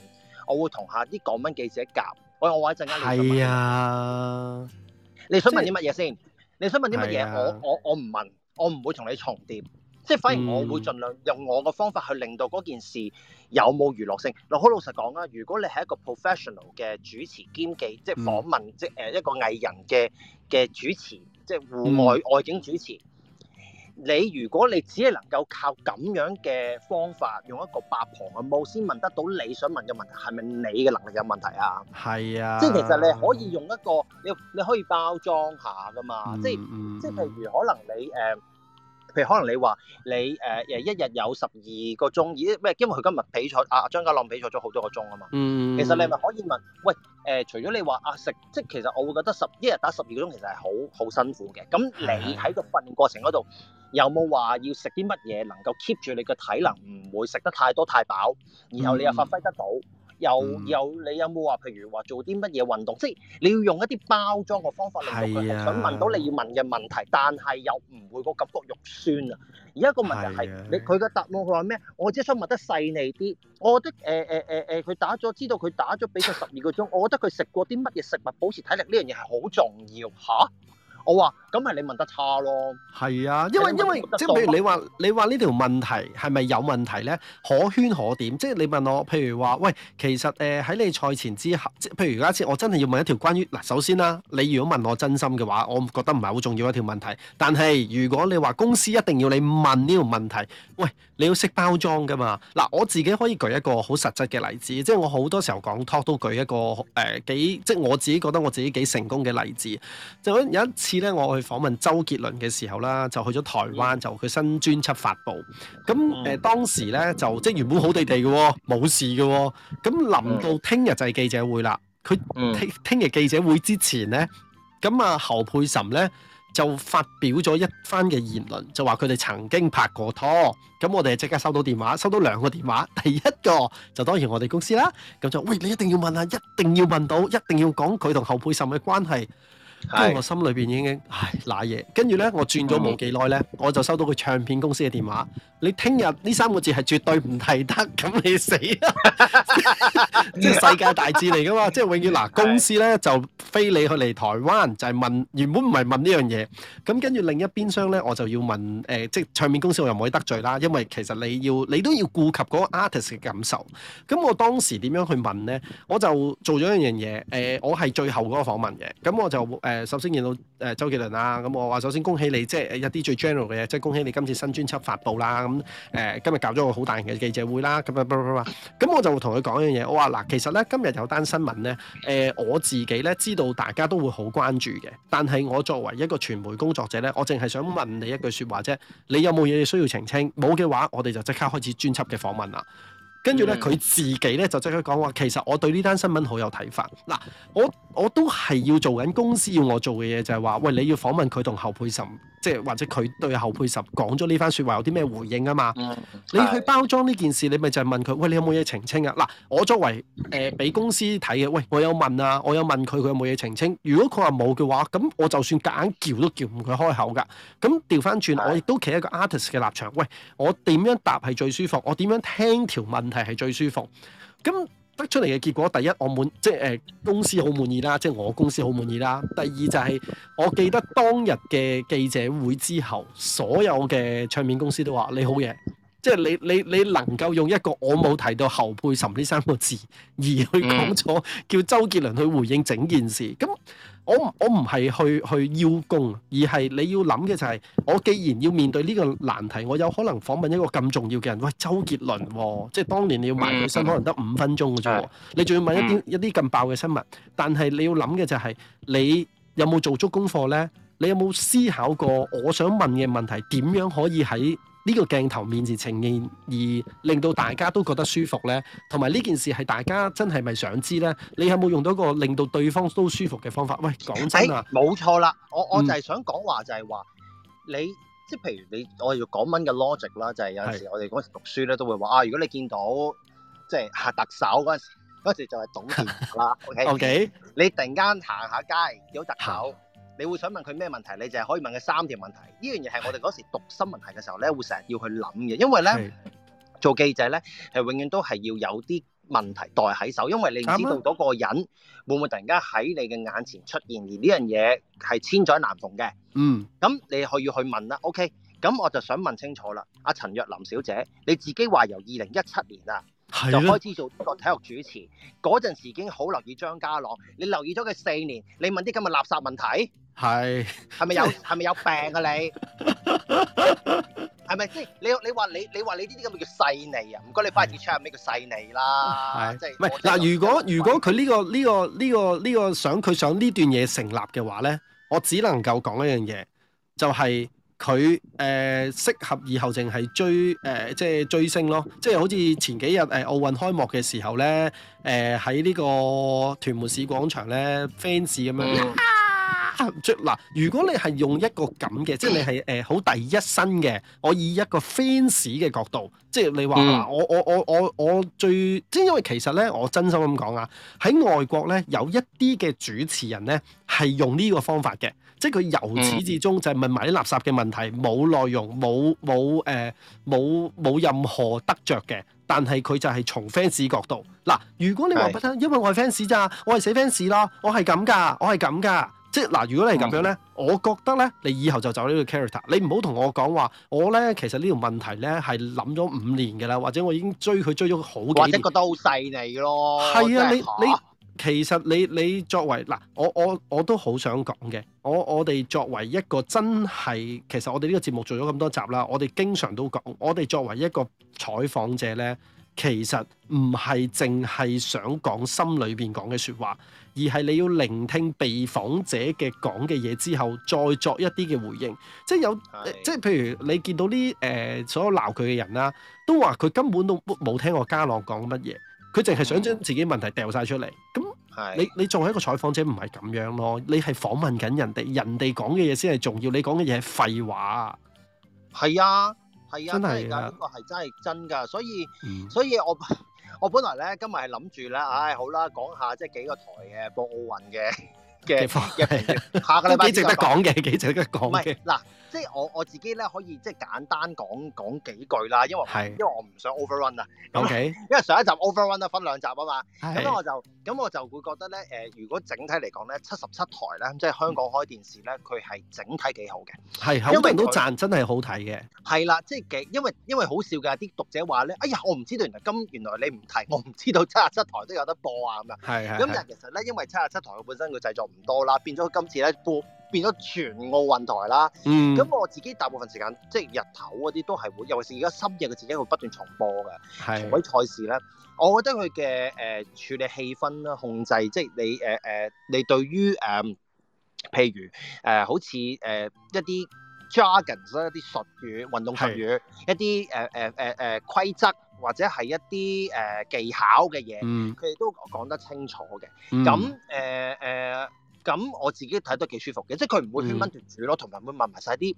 Speaker 2: 我會同下啲港聞記者夾。哎、我我話一陣間、係啊、你想問啊，你想問啲乜嘢先？你想問啲乜嘢？我我我唔問，我唔會同你重疊。即係反而我會盡量用我嘅方法去令到嗰件事有冇娛樂性。嗱、嗯，好老實講啦，如果你係一個 professional 嘅主持兼記，即係訪問、嗯、即誒、呃、一個藝人嘅嘅主持，即係戶外、嗯、外景主持。你如果你只係能夠靠咁樣嘅方法，用一個八婆嘅帽先問得到你想問嘅問題，係咪你嘅能力有問題啊？
Speaker 1: 係啊，即係其實你
Speaker 2: 可以用一個，你你可以包裝下㗎嘛，嗯、即係、嗯、即係譬如可能你誒。嗯譬如可能你話你誒誒、呃、一日有十二個鐘，而咩因為佢今日比賽啊張家朗比賽咗好多個鐘啊嘛，嗯、其實你咪可以問，喂誒、呃，除咗你話啊食，即係其實我會覺得十一日打十二個鐘其實係好好辛苦嘅。咁你喺個訓練過程嗰度有冇話要食啲乜嘢能夠 keep 住你嘅體能，唔會食得太多太飽，然後你又發揮得到？嗯嗯有有你有冇話譬如話做啲乜嘢運動？即係你要用一啲包裝嘅方法嚟到佢，啊、想問到你要問嘅問題，但係又唔會、個感覺肉酸啊！而家個問題係、啊、你佢嘅答案，佢話咩？我只想問得細膩啲。我覺得誒誒誒誒，佢、欸欸欸欸、打咗知道佢打咗比賽十二個鐘，我覺得佢食過啲乜嘢食物保持體力呢樣嘢係好重要嚇。我話：咁係你問得差咯。
Speaker 1: 係啊，因為因為即係譬如你話你話呢條問題係咪有問題咧？可圈可點？即係你問我，譬如話，喂，其實誒喺、呃、你賽前之後，即係譬如而家先，我真係要問一條關於嗱，首先啦，你如果問我真心嘅話，我覺得唔係好重要一條問題。但係如果你話公司一定要你問呢條問題，喂，你要識包裝噶嘛？嗱，我自己可以舉一個好實質嘅例子，即係我好多時候講 talk 都舉一個誒、呃、幾，即係我自己覺得我自己幾成功嘅例子，就有一次。咧我去訪問周杰倫嘅時候啦，就去咗台灣，就佢新專輯發布。咁誒，當時咧就即係原本好地地嘅，冇事嘅。咁臨到聽日就係記者會啦。佢聽聽日記者會之前咧，咁阿侯佩岑咧就發表咗一番嘅言論，就話佢哋曾經拍過拖。咁我哋即刻收到電話，收到兩個電話。第一個就當然我哋公司啦。咁就喂，你一定要問啊，一定要問到，一定要講佢同侯佩岑嘅關係。跟住我心裏邊已經唉嗱嘢，跟住咧我轉咗冇幾耐咧，我就收到佢唱片公司嘅電話。你聽日呢三個字係絕對唔提得，咁你死啦！即 係世界大智嚟噶嘛，即係永遠嗱公司咧就飛你去嚟台灣，就係、是、問，原本唔係問呢樣嘢。咁跟住另一邊廂咧，我就要問誒、呃，即係唱片公司我又唔可以得罪啦，因為其實你要你都要顧及嗰個 artist 嘅感受。咁我當時點樣去問咧？我就做咗一樣嘢，誒、呃，我係最後嗰個訪問嘅。咁我就。呃誒，首先見到誒周杰倫啊，咁我話首先恭喜你，即係一啲最 general 嘅嘢，即係恭喜你今次新專輯發布啦。咁誒，今日搞咗個好大型嘅記者會啦，咁樣，咁我就同佢講一樣嘢，我話嗱，其實咧今日有單新聞咧，誒我自己咧知道大家都會好關注嘅，但係我作為一個傳媒工作者咧，我淨係想問你一句說話啫，你有冇嘢需要澄清？冇嘅話，我哋就即刻開始專輯嘅訪問啦。跟住咧，佢、嗯、自己咧就即刻講話，其實我對呢單新聞好有睇法。嗱，我我都係要做緊公司要我做嘅嘢，就係、是、話，喂，你要訪問佢同後輩什？即係或者佢對後輩十講咗呢番說話有啲咩回應啊嘛？嗯、你去包裝呢件事，你咪就係問佢喂，你有冇嘢澄清啊？嗱，我作為誒俾、呃、公司睇嘅，喂，我有問啊，我有問佢，佢有冇嘢澄清？如果佢話冇嘅話，咁我就算夾硬叫都叫唔佢開口噶。咁調翻轉，我亦都企喺一個 artist 嘅立場，喂，我點樣答係最舒服？我點樣聽條問題係最舒服？咁。得出嚟嘅結果，第一我滿，即係誒、呃、公司好滿意啦，即係我公司好滿意啦。第二就係、是、我記得當日嘅記者會之後，所有嘅唱片公司都話你好嘢。即係你你你能夠用一個我冇提到侯佩岑呢三個字，而去講咗叫周杰倫去回應整件事。咁我我唔係去去邀功，而係你要諗嘅就係、是，我既然要面對呢個難題，我有可能訪問一個咁重要嘅人。喂，周杰倫、哦，即係當年你要埋背身，可能得五分鐘嘅啫。你仲要問一啲一啲咁爆嘅新聞？但係你要諗嘅就係、是，你有冇做足功課咧？你有冇思考過我想問嘅問題點樣可以喺？呢個鏡頭面前呈現而令到大家都覺得舒服咧，同埋呢件事係大家真係咪想知咧？你有冇用到一個令到對方都舒服嘅方法？喂，講真啊，冇錯啦，
Speaker 2: 我我就係想講話就係話、嗯、你，即係譬如你，我哋要講緊嘅 logic 啦，就係有時我哋嗰時讀書咧都會話是啊，如果你見到即係、就是啊、特首嗰陣時，嗰時就係董建華啦。 OK OK，你突然間行下街見到特首。你會想問佢咩問題？你就係可以問佢三條問題。呢樣嘢係我哋嗰時讀新聞題嘅時候咧，的會成日要去諗嘅。因為咧，的做記者咧係永遠都係要有啲問題帶喺手，因為你知道嗰個人會唔會突然間喺你嘅眼前出現？而呢樣嘢係千載難逢嘅。嗯，咁你可以去問啦。OK，咁我就想問清楚啦。阿陳若琳小姐，你自己話由二零一七年啊。 就開始做個體育主持，嗰陣時已經好留意張家朗。你留意咗佢四年，你問啲咁嘅垃圾問題，係係咪有係咪 有病啊？ 係係你係咪即係你你話你你話你呢啲咁嘅叫細膩啊？唔該的，你翻去 check 下咩叫細膩啦。係即係唔係嗱？
Speaker 1: 如果如果佢呢個呢、呢個呢、呢個呢、呢個呢個呢個想佢想呢段嘢成立嘅話咧，我只能夠講一樣嘢，就係、係。.佢誒適合以後淨係追誒、呃、即係追星咯，即係好似前幾日誒奧運開幕嘅時候咧，誒喺呢個屯門市廣場咧 fans 咁樣。嚇嗱、啊！如果你係用一個咁嘅，嗯、即係你係誒好第一身嘅，我以一個 fans 嘅角度，即係你話嗱、嗯，我我我我我最即係因為其實咧，我真心咁講啊，喺外國咧有一啲嘅主持人咧係用呢個方法嘅，即係佢由始至終就係問埋啲垃圾嘅問題，冇內容，冇冇誒，冇冇、呃、任何得着嘅，但係佢就係從 fans 角度嗱、啊。如果你話唔得，是因為我係 fans 咋，我係死 fans 咯，我係咁噶，我係咁噶。即嗱，如果你係咁樣咧，嗯、我覺得咧，你以後就走呢個 character，你唔好同我講話，我咧其實呢條問題咧係諗咗五年㗎喇，或者我已經追佢追咗好幾年，或者覺得
Speaker 2: 好細膩咯。係啊，你你
Speaker 1: 其實你你作為嗱，我我我都好想講嘅，我我哋作為一個真係其實我哋呢個節目做咗咁多集啦，我哋經常都講，我哋作為一個採訪者咧。其實唔係淨係想講心裏邊講嘅説話，而係你要聆聽被訪者嘅講嘅嘢之後，再作一啲嘅回應。即係有，的呃、即係譬如你見到啲誒、呃、所有鬧佢嘅人啦、啊，都話佢根本都冇聽過家朗講乜嘢，佢淨係想將自己問題掉晒出嚟。咁、嗯、你你作為一個採訪者唔係咁樣咯，你係訪問緊人哋，人哋講嘅嘢先係重要。你講嘅嘢係廢話啊，係啊。係啊，真係噶呢個係真係真噶，所以所以我，
Speaker 2: 我本來呢今日係諗住呢，唉好啦，講下即係幾個台嘅播奧運嘅。
Speaker 1: 嘅 下個禮拜幾 值得講嘅，幾值得講嘅。
Speaker 2: 嗱，即係我我自己咧可以即係簡單講講幾句啦，因為是因為我唔想 overrun 啊。OK，因為上一集 overrun 啊，分兩集啊嘛。咁的我就咁我就會覺得咧誒，如果整體嚟講咧，七十七台咧，即係香港開電視咧，佢係整體幾好嘅。
Speaker 1: 係的，好多人都讚，真係好睇嘅。
Speaker 2: 係啦，即係幾，因為因為好笑㗎，啲讀者話咧，哎呀，我唔知道原來今原來你唔提我唔知道七十七台都有得播啊咁樣。係咁，但係其實咧，因為七十七台佢本身佢製作。多啦，變咗今次咧播，變咗全奧運台啦。咁我自己大部分時間即係日頭嗰啲都係會，尤其是而家深夜嘅時間，佢不斷重播嘅。重嗰啲賽事咧，我覺得佢嘅誒處理氣氛啦、控制，即係你誒誒，你對於誒譬如誒好似誒一啲 jargon、一啲術語、運動術語、一啲誒誒誒誒規則或者係一啲誒技巧嘅嘢，佢哋都講得清楚嘅。咁誒誒。咁我自己睇都幾舒服嘅，即係佢唔會偏幫隊主咯，同埋、嗯、會問埋晒啲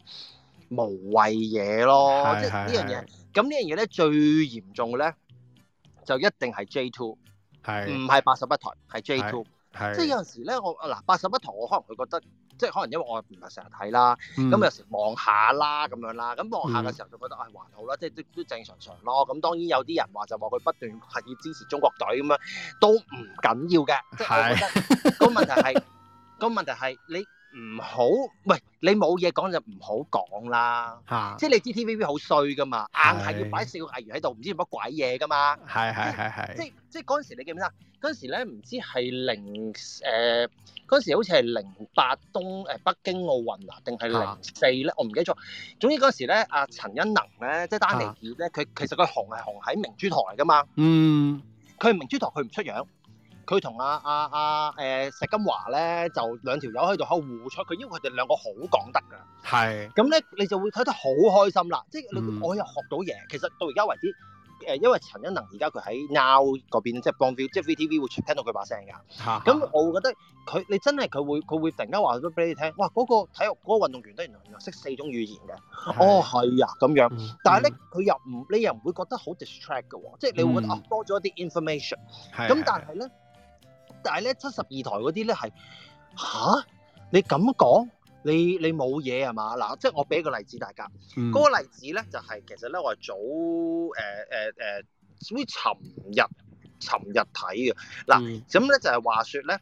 Speaker 2: 無謂嘢咯，是即係呢是樣嘢。咁呢是樣嘢咧，最嚴重嘅咧就一定係 J2，唔係八十一台，係 J2。即係有陣時咧，我嗱八十一台，我可能會覺得即係可能因為我唔係成日睇啦，咁、嗯嗯、有時望下啦咁樣啦，咁望下嘅時候就覺得啊、哎、還好啦，即係都都正常常咯。咁當然有啲人話就話佢不斷係要支持中國隊咁樣，都唔緊要嘅。即係個問題係。 個問題係你唔好，唔係你冇嘢講就唔好講啦。嚇！即係你知 TVB 好衰㗎嘛，硬係要擺啲笑藝員喺度，唔知做乜鬼嘢㗎嘛。係係係係。即係即係嗰陣時，你記唔記得？嗰陣時咧，唔知係零誒，嗰陣時好似係零八東誒北京奧運啊，定係零四咧？我唔記得錯。總之嗰陣時咧，阿陳茵寧咧，即係 Daniel 咧，佢其實個紅係紅喺明珠台㗎嘛。嗯。佢係明珠台，佢唔出樣。佢同阿阿阿誒石金華咧就兩條友喺度喺度互出，佢因為佢哋兩個好講得㗎。係。咁咧，你就會睇得好開心啦！即係我又學到嘢。其實到而家為止，誒，因為陳恩能而家佢喺 Now 嗰邊，即係 Fun View，即係 VTV 會聽到佢把聲㗎。咁我會覺得佢，你真係佢會，佢會突然間話咗俾你聽，哇！嗰個體育嗰個運動員原來原來識四種語言嘅。哦，係啊，咁樣。但係咧，佢又唔，你又唔會覺得好 distract 㗎喎？即係你會覺得多咗啲 information。咁但係咧？但係咧，七十二台嗰啲咧係吓？你咁講，你你冇嘢係嘛？嗱，即係我俾一個例子大家，嗰、嗯、個例子咧就係、是、其實咧我係早誒誒誒，好似尋日尋日睇嘅嗱，咁咧、嗯、就係、是、話説咧，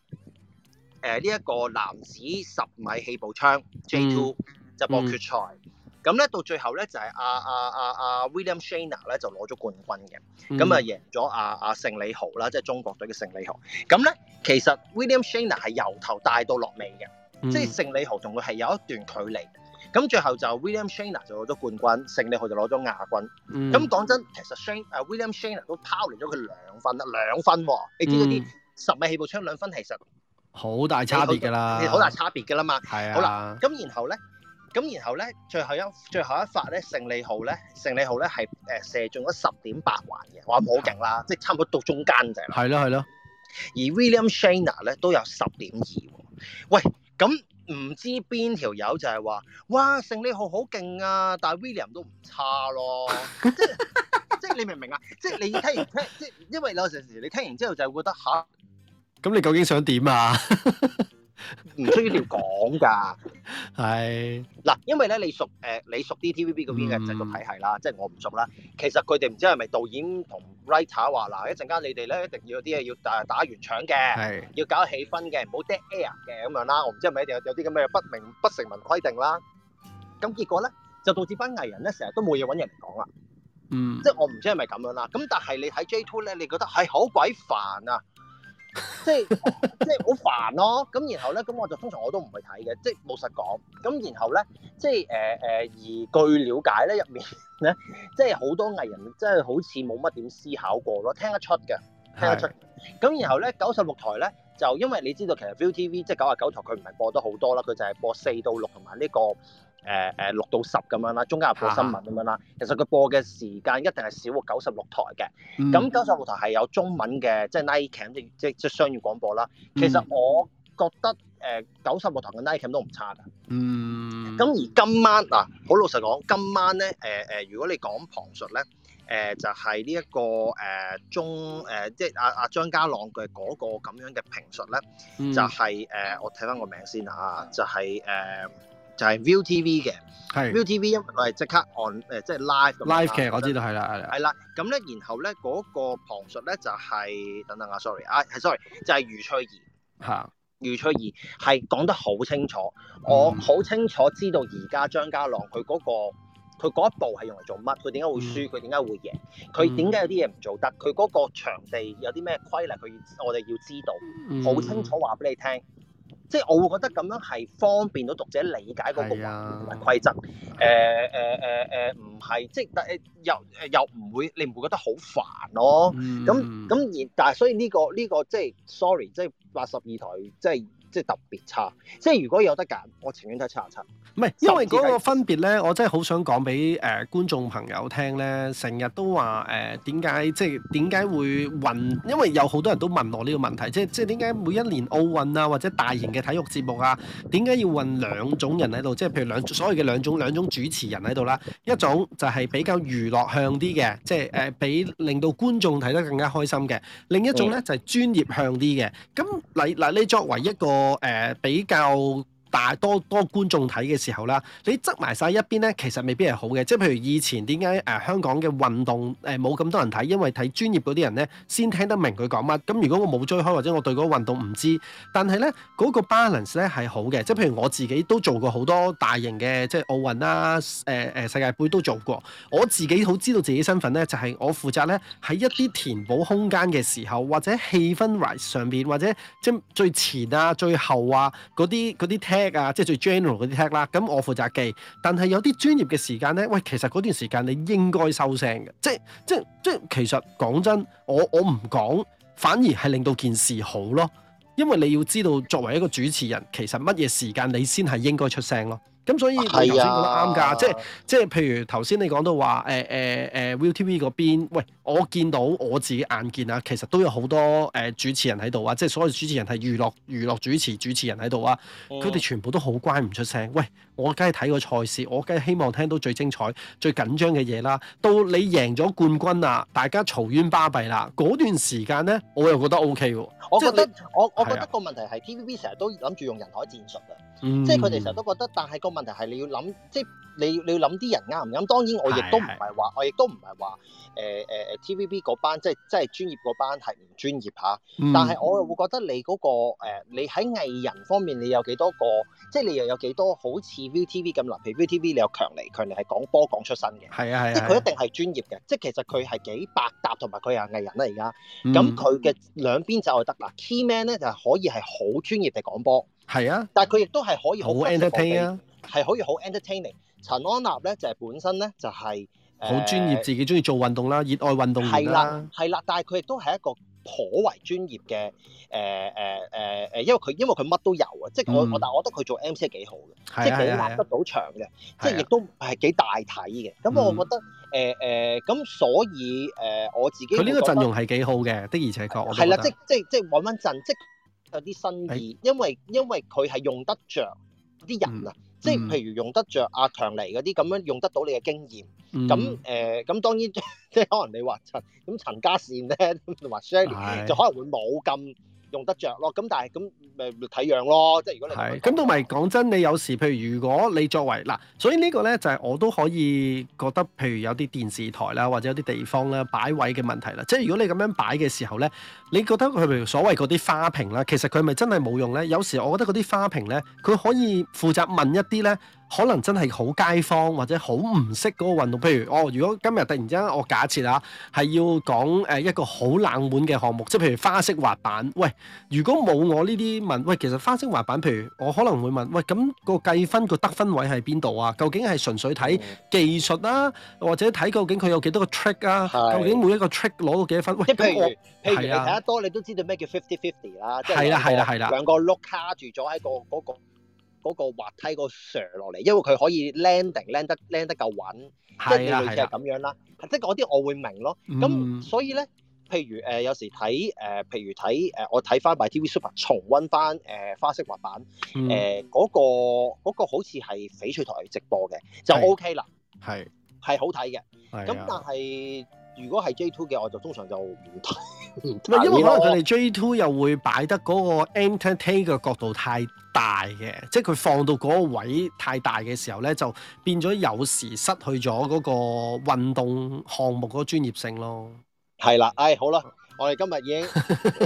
Speaker 2: 誒呢一個男子十米氣步槍 J2、嗯、就播決賽。嗯嗯咁咧，嗯、到最後咧就係阿阿阿阿 William Shaner 咧、er、就攞咗冠軍嘅，咁、嗯、啊贏咗阿阿盛李豪啦，即係中國隊嘅盛李豪。咁咧其實 William Shaner 係、er、由頭帶到落尾嘅，嗯、即係盛李豪同佢係有一段距離。咁最後就 William Shaner、er、就攞咗冠軍，盛李豪就攞咗亞軍。咁講、嗯、真其、er 哦嗯，其實 s William Shaner 都拋離咗佢兩分啦，兩分喎。你知嗰啲十米氣步槍兩分其實
Speaker 1: 好大差別㗎啦，好大
Speaker 2: 差別㗎啦嘛。係啊，好啦，咁然後咧。咁然後咧，最後一最後一發咧，勝利號咧，勝利號咧係誒射中咗十點八環嘅，哇，好勁啦！即係差唔多到中間啫。係咯係咯。而 William Shayner 咧都有十點二。喂，咁唔知邊條友就係話，哇，勝利號好勁啊，但係 William 都唔差咯。即係 即係你明唔明啊？即係你聽完聽，即係因為有陣時你聽完之後就會覺得吓，
Speaker 1: 咁 你究竟想點啊？ 唔需要點講噶，係
Speaker 2: 嗱，因為咧你熟，誒你熟啲 TVB 嗰邊嘅制度體系啦，嗯、即係我唔熟啦。其實佢哋唔知係咪導演同 writer 話嗱，一陣間你哋咧一定要有啲嘢要打打圓場嘅，嗯、要搞氣氛嘅，唔好 dead air 嘅咁樣啦。我唔知係咪一定有啲咁嘅不明不成文規定啦。咁結果咧就導致班藝人咧成日都冇嘢揾人嚟講啦。嗯，
Speaker 1: 即係我
Speaker 2: 唔知係咪咁樣啦。咁但係你喺 J2 咧，你覺得係好鬼煩啊？ 即係即係好煩咯，咁然後咧，咁我就通常我都唔會睇嘅，即係冇實講。咁然後咧，即係誒誒，而據了解咧入面咧，即係好多藝人即係好似冇乜點思考過咯，聽得出嘅，聽得出。咁 然後咧，九十六台咧就因為你知道其實 ViuTV 即係九十九台，佢唔係播得好多啦，佢就係播四到六同埋呢個。誒誒、呃、六到十咁樣啦，中間入播新聞咁樣啦，啊、其實佢播嘅時間一定係少過九十六台嘅。咁九十六台係有中文嘅，即係 Nike 即即商業廣播啦。嗯、其實我覺得誒九十六台嘅 Nike 都唔差噶。嗯。
Speaker 1: 咁
Speaker 2: 而今晚嗱，好、啊、老實講，今晚咧誒誒，如果你講旁述咧，誒、呃、就係呢一個誒、呃、中誒、呃，即係阿阿張家朗嘅嗰個咁樣嘅評述咧、嗯就是呃，就係誒我睇翻個名先啊，就係誒。嗯嗯就係 View TV 嘅，係 View TV，我係即刻按誒，即係 live live 嘅，我知道係啦，係啦，咁咧，然後咧嗰個旁述咧就係等等啊，sorry 啊，係 sorry，就係余翠怡。係余翠怡係講得好清楚，我好清楚知道而家張家朗佢嗰個佢嗰一步係用嚟做乜，佢點解會輸，佢點解會贏，佢點解有啲嘢唔做得，佢嗰個場地有啲咩規律，佢要我哋要知道，好清楚話俾你聽。即係我會覺得咁樣係方便到讀者理解嗰個規則，誒誒誒唔係即係但係又誒、呃、又唔會，你唔會覺得好煩咯、喔？咁咁而但係，所以呢、呢個呢、呢個即係 sorry，即係八十二台即係。即係特別差，即係如果有得揀，我情願都七廿七。
Speaker 1: 唔係，因為嗰個分別呢，我真係好想講俾誒、呃、觀眾朋友聽呢，成日都話誒點解即係點解會混？因為有好多人都問我呢個問題，即係即係點解每一年奧運啊或者大型嘅體育節目啊，點解要混兩種人喺度？即係譬如兩所謂嘅兩種兩種主持人喺度啦，一種就係比較娛樂向啲嘅，即係誒俾令到觀眾睇得更加開心嘅，另一種呢，嗯、就係專業向啲嘅。咁嗱嗱，你作為一個個誒比較。Uh, 大多多觀眾睇嘅時候啦，你擠埋晒一邊咧，其實未必係好嘅。即係譬如以前點解誒香港嘅運動誒冇咁多人睇，因為睇專業嗰啲人咧先聽得明佢講乜。咁如果我冇追開或者我對嗰個運動唔知，但係咧嗰個 balance 咧係好嘅。即係譬如我自己都做過好多大型嘅即係奧運啦誒誒世界盃都做過，我自己好知道自己身份咧，就係我負責咧喺一啲填補空間嘅時候，或者氣氛 rise 上邊，或者即係最前啊、最後啊嗰啲嗰啲聽。啊，即係最 general 嗰啲踢啦，咁我負責記，但係有啲專業嘅時間呢，喂，其實嗰段時間你應該收聲嘅，即係即係即係，其實講真，我我唔講，反而係令到件事好咯，因為你要知道，作為一個主持人，其實乜嘢時間你先係應該出聲咯。咁所以你頭先講得啱㗎，即係即係譬如頭先你講到話誒誒誒 ViuTV 嗰邊，喂，我見到我自己眼見啊，其實都有好多誒主持人喺度啊，即係所謂主持人係娛樂娛樂主持主持人喺度啊，佢哋全部都好乖唔出聲。喂，我梗係睇個賽事，我梗係希望聽到最精彩、最緊張嘅嘢啦。到你贏咗冠軍啊，大家嘈冤巴閉啦，嗰段時間咧，我又覺得 O K 喎。我覺得我
Speaker 2: 我覺得個問題係 TVB 成日都諗住用人海戰術啊。嗯、即係佢哋成日都覺得，但係個問題係你要諗，即係你你要諗啲人啱唔啱？當然我亦都唔係話，是是我亦都唔係話誒誒誒 TVB 嗰班，即係即係專業嗰班係唔專業嚇。但係我又會覺得你嗰、個、呃、你喺藝人方面你有幾多個？即係你又有幾多好似 ViuTV 咁嗱？譬如 ViuTV 你有強尼，強尼係講波講出身嘅，係啊係即係佢一定係專業嘅。即係其實佢係幾百集，同埋佢係藝人啦而家。咁佢嘅兩邊就係得啦。Key Man 咧就係可以係好專業地講波，係啊，但係佢亦都係可以好 entertain 啊，係可以好 entertaining。陳安娜咧就係本身咧就係好專業，自
Speaker 1: 己中意做運動啦，熱愛運動員啦。係
Speaker 2: 啦，係啦，但係佢亦都係一個頗為專業嘅誒誒誒誒，因為佢因為佢乜都有啊，即係我我但係我覺得佢做 M 車幾好嘅，即係佢立得到場嘅，即係亦都係幾大體嘅。咁我覺得誒誒，咁所以誒我自己佢呢個陣容係幾
Speaker 1: 好嘅，的而且確，係啦，即係
Speaker 2: 即係即係揾翻陣，即有啲新意，欸、因為因為佢係用得着啲人啊，嗯嗯、即係譬如用得着阿強尼嗰啲咁樣用得到你嘅經驗，咁誒、嗯，咁、呃、當然即係可能你話陳，咁陳家善咧，同埋 Shirley 就可能會冇咁。用得着咯，咁但係咁咪睇樣咯，即係如果你係
Speaker 1: 咁同埋係講真，你有時譬如如果你作為嗱，所以個呢個咧就係、是、我都可以覺得，譬如有啲電視台啦，或者有啲地方咧擺位嘅問題啦，即係如果你咁樣擺嘅時候咧，你覺得佢譬如所謂嗰啲花瓶啦，其實佢咪真係冇用咧？有時我覺得嗰啲花瓶咧，佢可以負責問一啲咧。可能真係好街坊或者好唔識嗰個運動，譬如哦，如果今日突然之間，我假設啊，係要講誒一個好冷門嘅項目，即係譬如花式滑板。喂，如果冇我呢啲問，喂，其實花式滑板，譬如我可能會問，喂，咁個計分個得分位喺邊度啊？究竟係純粹睇技術啦，或者睇究竟佢有幾多個 trick 啊？究竟每一個 trick 攞到幾多分？喂，即係譬如譬如你睇得
Speaker 2: 多，你都知道咩叫 fifty-fifty 啦，即係係啦係啦係啦，兩個碌卡住咗喺個嗰個。嗰個滑梯個 sir 落嚟，因為佢可以 landing land 得 land 得夠穩，啊、即係類似係咁樣啦，即係嗰啲我會明咯。咁、嗯、所以咧，譬如誒、呃，有時睇誒、呃，譬如睇誒、呃，我睇翻 my TV Super 重溫翻誒、呃、花式滑板誒嗰、嗯呃嗰個嗰個好似係翡翠台直播嘅，就 OK 啦，係係、啊、好睇嘅。咁、啊啊、但係。如果係 J2 嘅，我就通常就
Speaker 1: 唔睇。 唔係因為可能佢哋 J2 又會擺得嗰個 entertain 嘅角度太大嘅，即係佢放到嗰個位太大嘅時候咧，就變咗有時失去咗嗰個運動項目嗰專業性咯。係啦，
Speaker 2: 唉、哎，好啦。 了 我
Speaker 1: 哋今日已經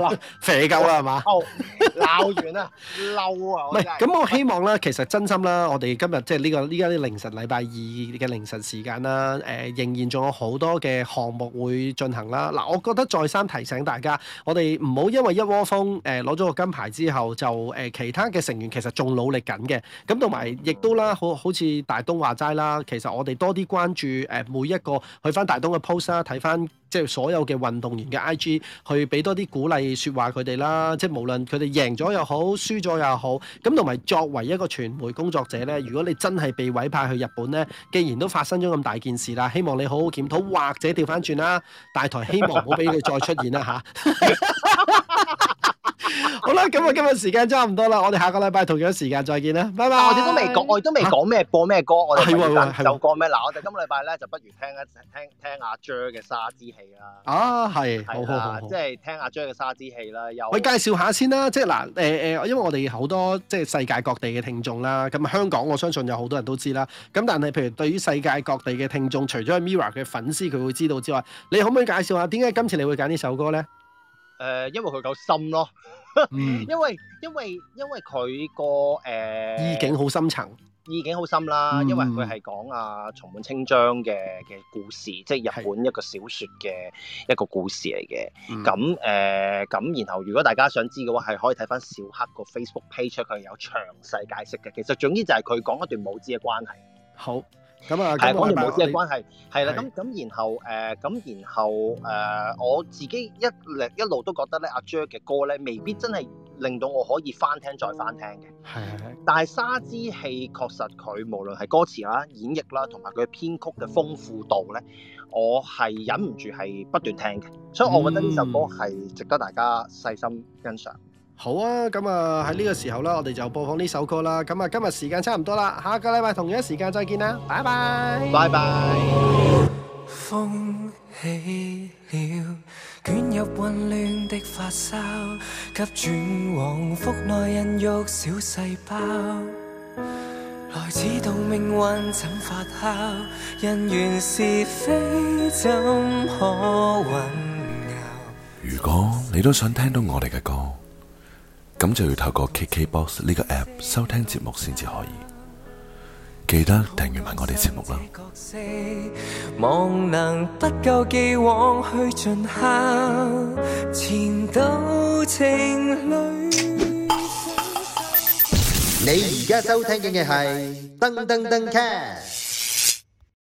Speaker 1: 嘩，肥
Speaker 2: 夠啦，係嘛？鬧完啦，
Speaker 1: 嬲啊！咁，我希望咧，其實真心咧，我哋今日即係、這、呢個呢家啲凌晨禮拜二嘅凌晨時間啦。誒、呃，仍然仲有好多嘅項目會進行啦。嗱、呃，我覺得再三提醒大家，我哋唔好因為一窩蜂誒攞咗個金牌之後就誒、呃、其他嘅成員其實仲努力緊嘅。咁同埋亦都啦，好好似大東話齋啦，其實我哋多啲關注誒、呃、每一個去翻大東嘅 post 啦，睇翻。即係所有嘅運動員嘅 IG，去俾多啲鼓勵説話佢哋啦。即係無論佢哋贏咗又好，輸咗又好，咁同埋作為一個傳媒工作者咧，如果你真係被委派去日本咧，既然都發生咗咁大件事啦，希望你好好檢討，或者調翻轉啦。大台希望唔好俾佢再出現啦嚇。 好啦，咁啊，今日時間差唔多啦，我哋下個禮拜同樣時間再見啦，拜拜。我哋都未講，我哋、啊、都未講咩播咩歌，啊、我哋、啊、就講咩。嗱，
Speaker 2: 我哋今個禮拜咧，就不如聽一聽聽阿 j 嘅、er、砂之器
Speaker 1: 啦。啊，係，好啊，即係
Speaker 2: 聽阿 j 嘅、er、砂之器啦。又，喂，介
Speaker 1: 紹下先啦，即係嗱，誒、呃、誒、呃，因為我哋好多即係世界各地嘅聽眾啦，咁香港我相信有好多人都知啦。咁但係譬如對於世界各地嘅聽眾，除咗 Mirror 嘅粉絲佢會知道之外，你可唔可以介紹下點解今次你會揀呢首歌咧？
Speaker 2: 誒、呃，因為佢夠深咯 因，因為因為因為佢個誒意境好深層，意境好深啦，嗯、因為佢係講阿松本清張嘅嘅故事，即係日本一個小説嘅一個故事嚟嘅。咁誒咁，呃、然後如果大家想知嘅話，係可以睇翻小黑個 Facebook page，佢有詳細解釋嘅。其實總之就係佢講一段母子嘅關係。好。咁啊，係啊的，關於母嘅關係係啦。咁咁，然後誒，咁、呃、然後誒、呃，我自己一歷一路都覺得咧，阿 Jer 嘅歌咧未必真係令到我可以翻聽再翻聽嘅。係的但係砂之器確實佢無論係歌詞啦、演繹啦，同埋佢嘅編曲嘅豐富度咧，我係忍唔住係不斷聽嘅。所以我覺得呢首歌係值得大家細心欣賞。嗯
Speaker 1: 好啊，咁啊喺呢個時候啦，我哋就播放呢首歌啦。咁、嗯、啊，今日時間差唔多啦，下個禮拜同樣時間再見啦，拜拜，拜拜。風起了，捲入混亂的髮梢，急轉往腹內孕育小細胞，來知道命運怎發酵，人緣是非怎可混
Speaker 2: 淆？如果你都想聽到我哋嘅歌。咁就要透過 KKBOX 呢個 app 收聽節目先至可以，記得訂閱埋我哋節目
Speaker 1: 啦。你而家收聽嘅係噔
Speaker 2: 噔噔 cast。